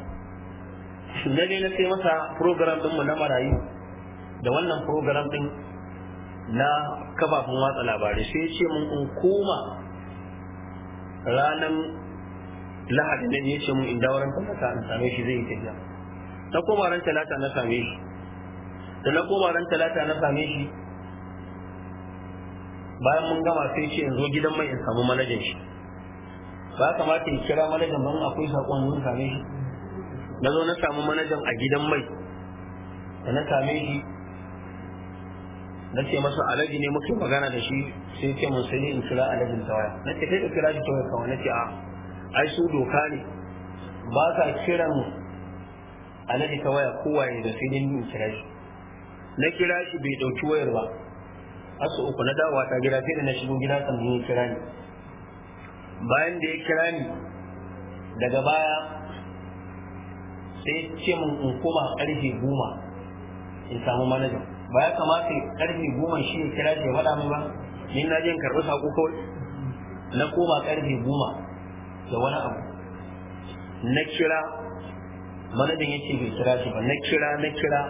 na ne na sai masa program ɗinmu na marayu da wannan program ɗin na kafafun watsa labarai sai ce mun in koma ranar lahadi ne ya ce mun in dawo ran talata in same shi zai yi tafiya na koma ran talata na same shi da na koma ran talata na same shi bayan mun gama sai ce yanzu gidan mai in samu manajan shi ba kamata in kira manajan ban akwai sakon mun same shi na zo na samu manajan a gidan mai da na same shi na ce masa alaji ne muke magana da shi sai ce mun sai in kira alajin ta waya na ce kai ka kira shi ta waya kawai na ce a ai su doka ne ba ka kira mu alaji ta waya kowaye da sai in kira shi na kira shi bai dauki wayar ba asu uku na dawowa ta gida sai da na shigo gida san ya kira ni bayan da ya kira ni daga baya sai ce mun in koma karfe goma in samu manajan ba ya kamata karfe goma shi ya kira ce ya faɗa min ba ni na je in karɓi sako kawai na koma karfe goma da wani abu na kira manajan ya ce bai kira shi ba na kira na kira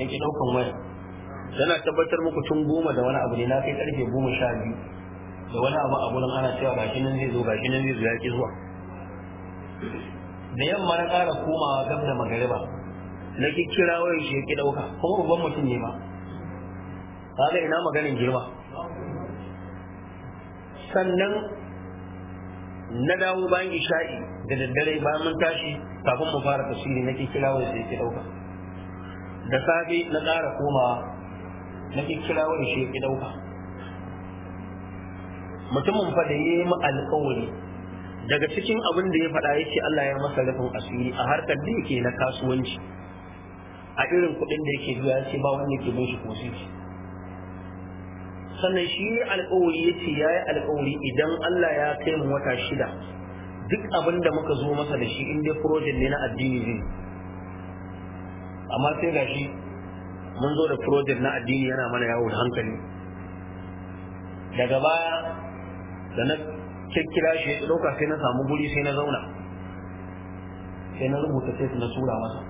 yake ɗaukan wani. yana tabbatar muku tun goma da wani abu ne na kai karfe goma sha biyu da wani abu a gurin ana cewa gashi nan zai zo gashi nan zai zo ya ki zuwa da yamma na ƙara komawa gab da magariba na kira wani shi ki ɗauka kuma babban mutum ne ba ga ina maganin girma sannan na dawo bayan isha'i da daddare bayan mun tashi kafin mu fara tasiri na kira wani shi ki ɗauka da safe na ƙara komawa na kira wani shi ya dauka mutumin fa da yi mu alƙawari daga cikin abin da ya faɗa yake Allah ya masa rufin asiri a harkar da yake na kasuwanci a irin kuɗin da yake biya sai ba wani ke bin shi ko sannan shi ne alƙawari ya yi alƙawari idan Allah ya kai mu wata shida duk abin da muka zo masa da shi inda dai ne na addini zai amma sai gashi mun zo da project na addini yana mana yawo da hankali daga baya da na kikkira shi ya ɗauka sai na samu guri sai na zauna sai na rubuta sai na tura masa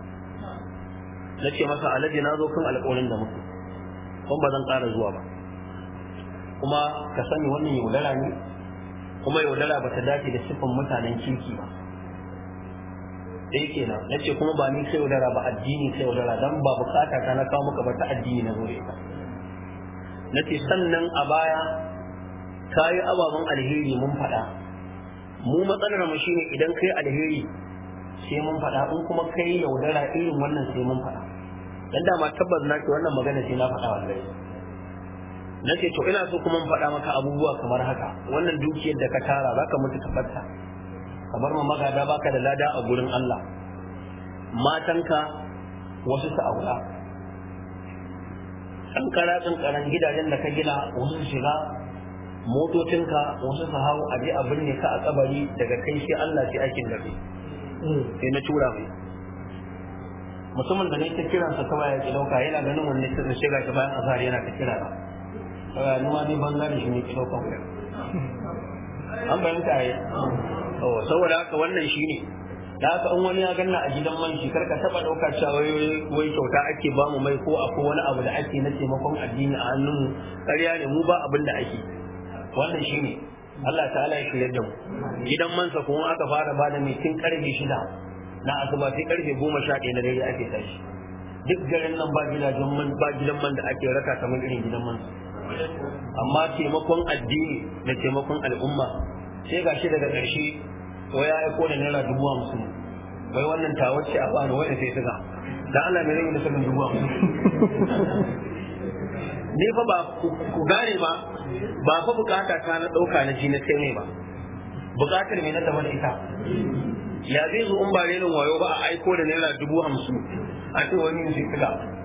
na ce masa alaji na zo kan alƙawarin da muku kuma ba zan ƙara zuwa ba kuma ka sani wannan yaudara ne kuma yaudara ba ta dace da siffan mutanen kirki ba dai kenan na ce kuma ba ni sai wadara ba addini sai wadara dan ba bukata ta na kawo maka ba ta addini na zure ka na ce sannan a baya ka yi ababen alheri mun faɗa mu matsalar mu shine idan kai alheri sai mun faɗa in kuma kai yaudara irin wannan sai mun faɗa dan dama tabbas na ce wannan magana sai na faɗa wallahi na ce to ina so kuma mun faɗa maka abubuwa kamar haka wannan dukiyar da ka tara zaka mutu ka fatta ka bar ma magada baka da lada a gurin Allah matanka wasu su aura karatun karan gidajen da ka gina wasu su shiga motocinka wasu su hau a je a binne ka a kabari daga kai shi Allah shi aikin gabe sai na tura mai mutumin da ne ta kiransa ta waya ki dauka yana ganin wanne sirrin shiga ta bayan azhar yana ta kira ba ni ma ni bangare shi ne ki dauka an bayan ta yi saboda haka wannan shine da haka in wani ya ganna a gidan man shi karka taba dauka cewa wai kyauta ake bamu mai ko akwai wani abu da ake na taimakon addini a hannunmu ƙarya ne mu ba abin da ake wannan shine Allah ta'ala ya shirya da mu gidan mansa kuma aka fara bada mai tun karfe shida na asuba sai karfe goma sha ɗaya na dare ake tashi duk garin nan ba gidajen man ba gidan man da ake raka kamar irin gidan man amma taimakon addini da taimakon al'umma sai gashi daga ƙarshe wai ya aiko da naira dubu hamsin wai wannan ta wacce a bani wani sai ga da Allah mai rage da sanin dubu hamsin (laughs) ne fa ba ku gane ba ba fa bukata ta na ɗauka na ji na sai ne ba bukatar me na tafi ita ya zai zo in ba renin wayo ba a aiko da naira dubu hamsin a cewa wani sai ga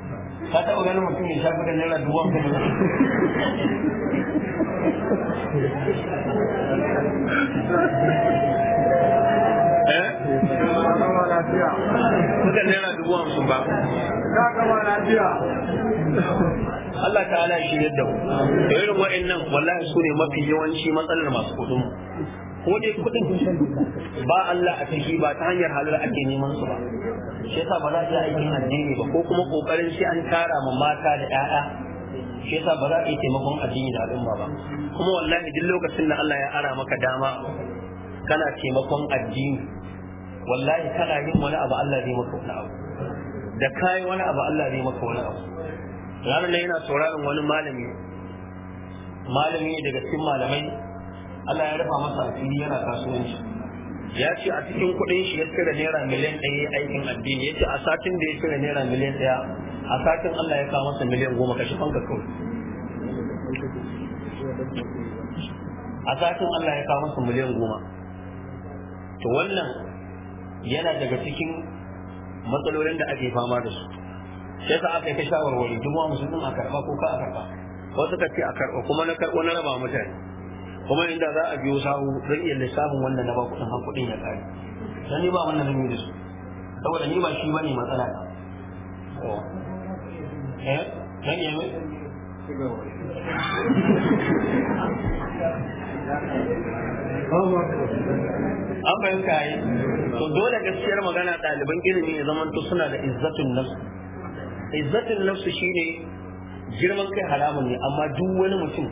ka taɓa ganin mutum ya shafi da naira dubu hamsin eh? Kuka naira dubu hamsin ba. Ka kama lafiya. Allah ta'ala shi yadda ku. Da irin wa'annan wallahi su ne mafi yawanci matsalar masu kudin ko dai kudin ba Allah a ciki ba ta hanyar halar ake neman su ba. shi yasa ba za a yi aikin addini ba ko kuma kokarin shi an tara ma mata da ƴaƴa shi yasa ba za a iya taimakon addini da al'umma ba kuma wallahi duk lokacin da Allah ya ara maka dama kana taimakon addini wallahi kana yin wani abu Allah zai maka wani abu da kai wani abu Allah zai maka wani abu ranar nan yana sauraron wani malami malami daga cikin malamai Allah ya rufa masa asiri yana kasuwanci ya ce a cikin kuɗin shi ya cire naira miliyan ɗaya aikin addini ya ce a satin da ya cire naira miliyan ɗaya a satin Allah ya kawo masa miliyan goma kashe fanka kawai a satin Allah ya kawo masa miliyan goma to wannan yana daga cikin matsalolin da ake fama da su sai ka aka yi ta shawarwari duk wa musulmin a karɓa ko ka a karɓa wasu ka ce a karɓa kuma na karɓo na raba mutane kuma inda za a biyo sahu zan iya lissafin wanda na ba kuɗin har kuɗin ya kare dan ni ba wannan zan yi da su saboda ni ba shi bane matsala ta oh. eh an bayan kayi to dole gaskiyar magana ɗaliban ilimi ya zama to suna da izzatun nafsu izzatun nafsu shine girman kai haramun ne amma duk wani mutum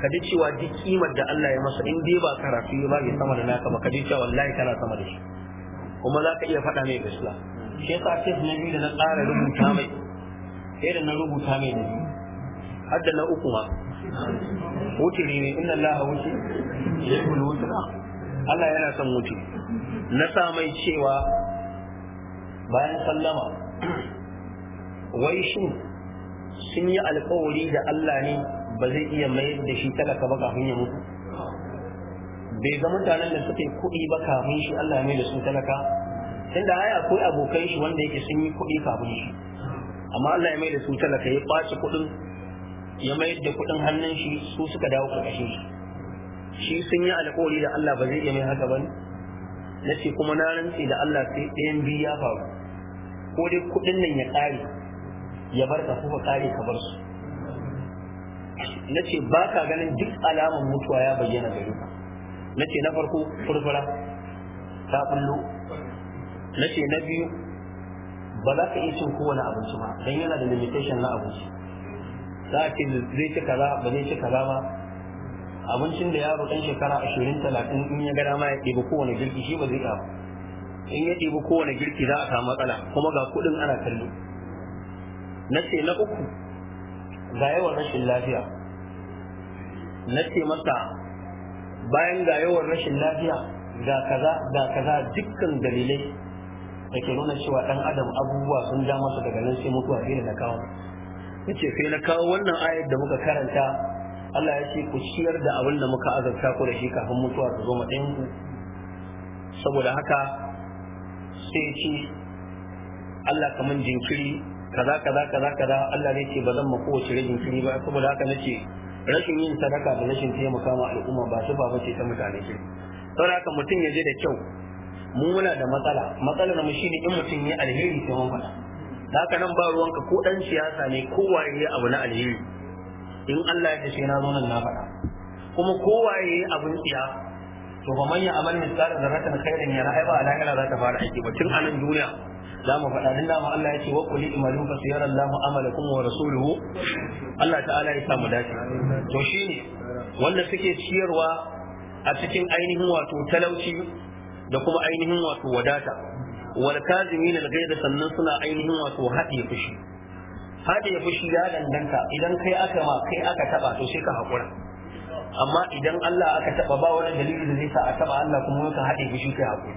ka ji cewa duk kimar da Allah ya masa in dai ba karatu ba bai sama da naka ba ka ji cewa wallahi kana sama da shi kuma za ka iya faɗa mai gaskiya shi yasa sai na biyu da na tsara rubuta mai sai da na rubuta mai ne har da na uku ma wutiri ne inna Allah wuti yayyul wutira Allah yana son wuce. na sa mai cewa bayan sallama wai shin sun yi alƙawari da Allah ne ba zai iya mayar da shi talaka ba kafin ya mutu bai ga mutanen da suke kuɗi ba kafin shi Allah ya mai da su talaka inda ai akwai abokan shi wanda yake sun yi kuɗi kafin shi amma Allah ya mai da su talaka ya ɓaci kuɗin ya mai da kuɗin hannun shi su suka dawo ƙarƙashin shi shi sun yi alƙawari da Allah ba zai iya mai haka ba ne na ce kuma na rantse da Allah sai ɗayan biyu ya faru ko dai kuɗin nan ya ƙare ya bar ka kuka ƙare ka bar su na ce ba ka ganin duk alamun mutuwa ya bayyana gare ka na ce na farko furfura ta kullu na ce na biyu ba za ka iya cin kowane abinci ba don yana da limitation na abinci za a ce zai ci kaza ba zai ci kaza ba abincin da yaro 'dan shekara ashirin talatin in ya gada ma ya ɗebi kowane girki shi ba zai ba in ya ɗebi kowane girki za a samu matsala kuma ga kuɗin ana kallo na ce na uku ga yawan rashin lafiya na ce masa bayan ga yawan rashin lafiya ga kaza ga kaza dukkan dalilai da ke nuna cewa dan adam abubuwa sun ja masa daga nan sai mutuwa sai na kawo ce sai na kawo wannan ayar da muka karanta Allah ya ce ku ciyar da abin da muka azurta ku da shi kafin mutuwa ta zo matsayin ku saboda haka sai ce Allah kaman jinkiri kaza kaza kaza kaza Allah ne ce ba zan ma kowace jinkiri ba saboda haka nace rashin yin sadaka da rashin taimaka ma al'umma ba su ba ce ta mutane shi saboda haka mutum ya je da kyau mu muna da matsala matsalar mu shine in mutum ya alheri sai mun faɗa haka nan ba ruwanka ko dan siyasa ne kowaye ya abu na alheri in Allah ya tashi na zo nan na faɗa kuma kowaye ya abun tsiya to ba man amal misalin zarratan khairin ya ra'ayi ba za ta fara aiki ba tun a nan duniya za mu faɗa din dama Allah ya ce wa kulli imalu fa sayara Allahu amalakum wa rasuluhu Allah ta'ala ya samu dace to shine wanda suke ciyarwa a cikin ainihin wato talauci da kuma ainihin wato wadata wal kazimin al ghayr sannan suna ainihin wato hadiye fushi hadiye fushi ya danganta idan kai aka ma kai aka taba to sai ka hakura amma idan Allah aka taba ba wani dalili da zai sa a taba Allah kuma ka hade fushi kai hakuri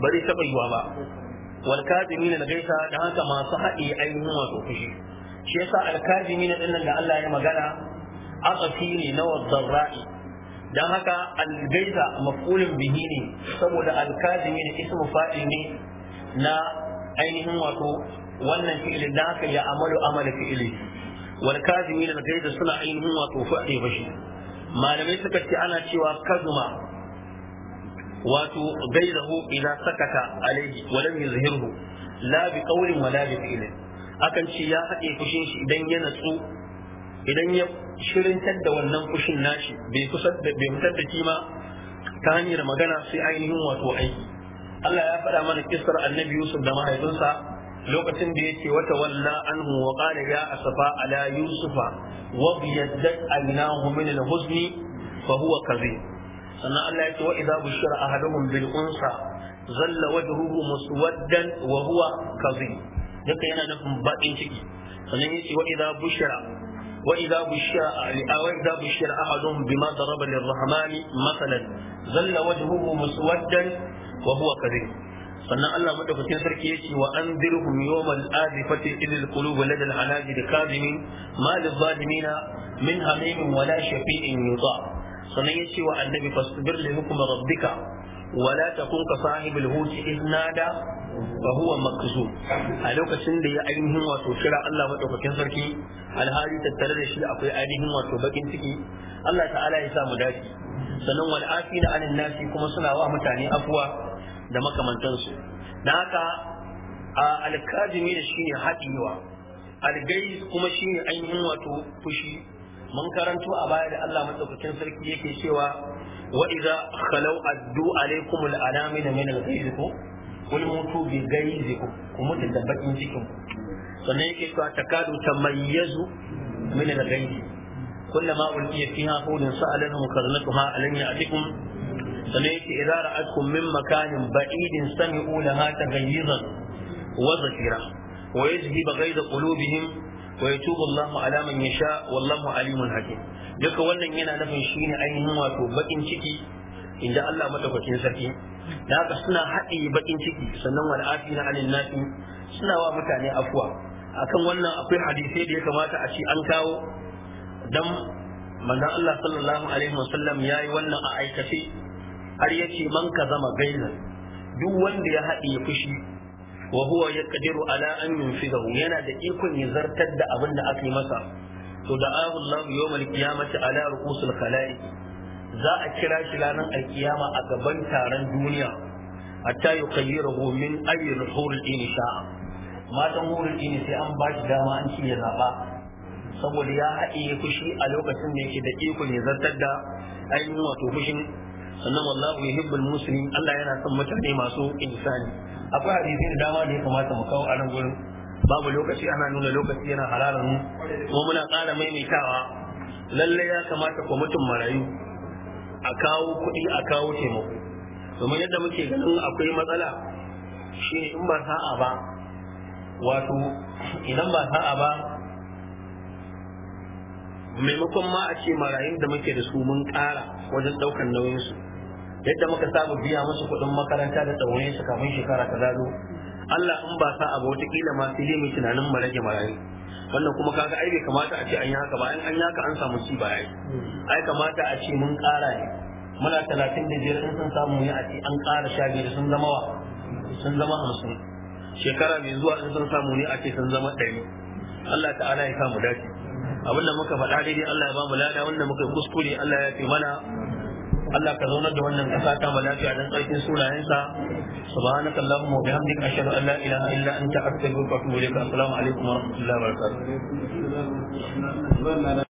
ba zai taba yiwa ba wal kazimin al gaisa da haka masu haɗe ainihin wato fushi shi yasa al kazimin din da Allah ya magana asafi ne na haka al gaisa bihi ne saboda al kazimin ismu fa'il ne na ainihin wato wannan fi'ilin da haka ya amalu amala fi'ili wal kazimin al gaisa suna ainihin wato fa'e bashi malamai suka ce ana cewa kazuma wato gairahu idan sakata alaihi wa lam yuzhirhu la bi qawlin wa bi fi'lin akan ce ya haɗe fushin shi idan ya natsu idan ya shirintar da wannan fushin nashi bai da bai fitar da kima ta hanyar magana sai ainihin wato aiki Allah ya faɗa mana kisar annabi Yusuf da mahaifinsa lokacin da yake wata walla anhu wa qala ya asafa ala yusufa wa biyaddat aynahu min al-huzni fa huwa kadhib sannan Allah ya ce wa idza bushira ahaduhum bil unsa zalla wajhuhu muswaddan wa huwa kazim duka yana nufin bakin ciki sannan yace wa idza bushira wa idza bushira wa idza bushira ahaduhum bima daraba lirrahmani masalan zalla wajhuhu muswaddan wa huwa kazim sannan Allah madaukakin sarki yace wa anzirhum yawmal azifati idil qulub lad al hanajir kazimin ma lil zalimin min hamim wala shafi'in yudha sannan ya ce wa annabi fasbir li hukmi rabbika wa la takun ka sahibul nada fa huwa a lokacin da ya ainihin wato kira Allah madaukakin sarki alhali tattare da shi akwai ainihin wato bakin ciki Allah ta'ala ya sa mu dace sannan wal afina anin nasi kuma suna wa mutane afuwa da makamantansu dan haka alkazimi da shine al algais kuma shine ainihin wato fushi mun karanto a baya da Allah madaukakin sarki yake cewa wa idza khalau addu alaikum al'anamin min al-ghayzikum kul mutu bi ghayzikum mutu da bakin cikin sannan yake cewa takadu tamayyazu min al-ghayzi kullama ulqiya fiha sannan yake idza ra'atkum min makanin ba'idin sami'u laha wa zakira wa yatubu Allahu ala man yasha wallahu alimun duka wannan yana nufin shine ainihin wato bakin ciki inda Allah madaukakin sarki da haka suna haɗe bakin ciki sannan wal afina alin nasi suna wa mutane afuwa akan wannan akwai hadisai da ya kamata a ci an kawo dan manzon Allah sallallahu alaihi wasallam yayi wannan a aikace har yace man ka zama gaina duk wanda ya haɗe fushi wa huwa yaqdiru ala an yunfidahu yana da ikon ya zartar da abin da aka yi masa to da Allah yawmal qiyamati ala ru'usul khalaiq za a kira shi ranar alkiyama a gaban taron duniya hatta yuqayyirahu min ayyi al-hurul in sha'a matan horin in sai an ba shi dama an ci ya zaba saboda ya haɗe fushi a lokacin da yake da ikon ya zartar da ainihin wato fushin sannan wallahu yuhibbul musulmi, Allah yana son mutane masu insani akwai hadisi da dama da ya kamata mu kawo a nan gurin babu lokaci ana nuna lokaci yana halalan mu kuma muna ƙara maimaitawa lalle ya kamata mutum marayu a kawo kuɗi a kawo taimako domin yadda muke ganin akwai matsala shi ne in ba sa'a ba wato idan ba sa'a ba maimakon ma a ce marayun da muke da su mun ƙara wajen ɗaukar nauyinsu yadda muka samu biya musu kuɗin makaranta da tsawon su kafin shekara ta zalo Allah in ba sa abu wata kila ma sai mai tunanin mu rage marayu wannan kuma kaga ai bai kamata a ce an yi haka ba an yi haka an samu ci baya ai kamata a ce mun ƙara ne muna talatin da biyar in sun samu ne a ce an ƙara sha biyar sun zama wa sun zama hamsin shekara mai zuwa in sun samu ne a ce sun zama ɗari Allah ta'ala ya samu dace abinda muka faɗa daidai Allah ya ba mu lada wanda muka yi kuskure Allah ya fi mana Allah ka zaunar da wannan kasa ta mu lafiya dan tsarkin sunayensa ta allahumma wa bihamdika ashhadu an la ilaha illa anta astaghfiruka wa atubu ilaik assalamu alaikum wa rahmatullahi wa barakatuh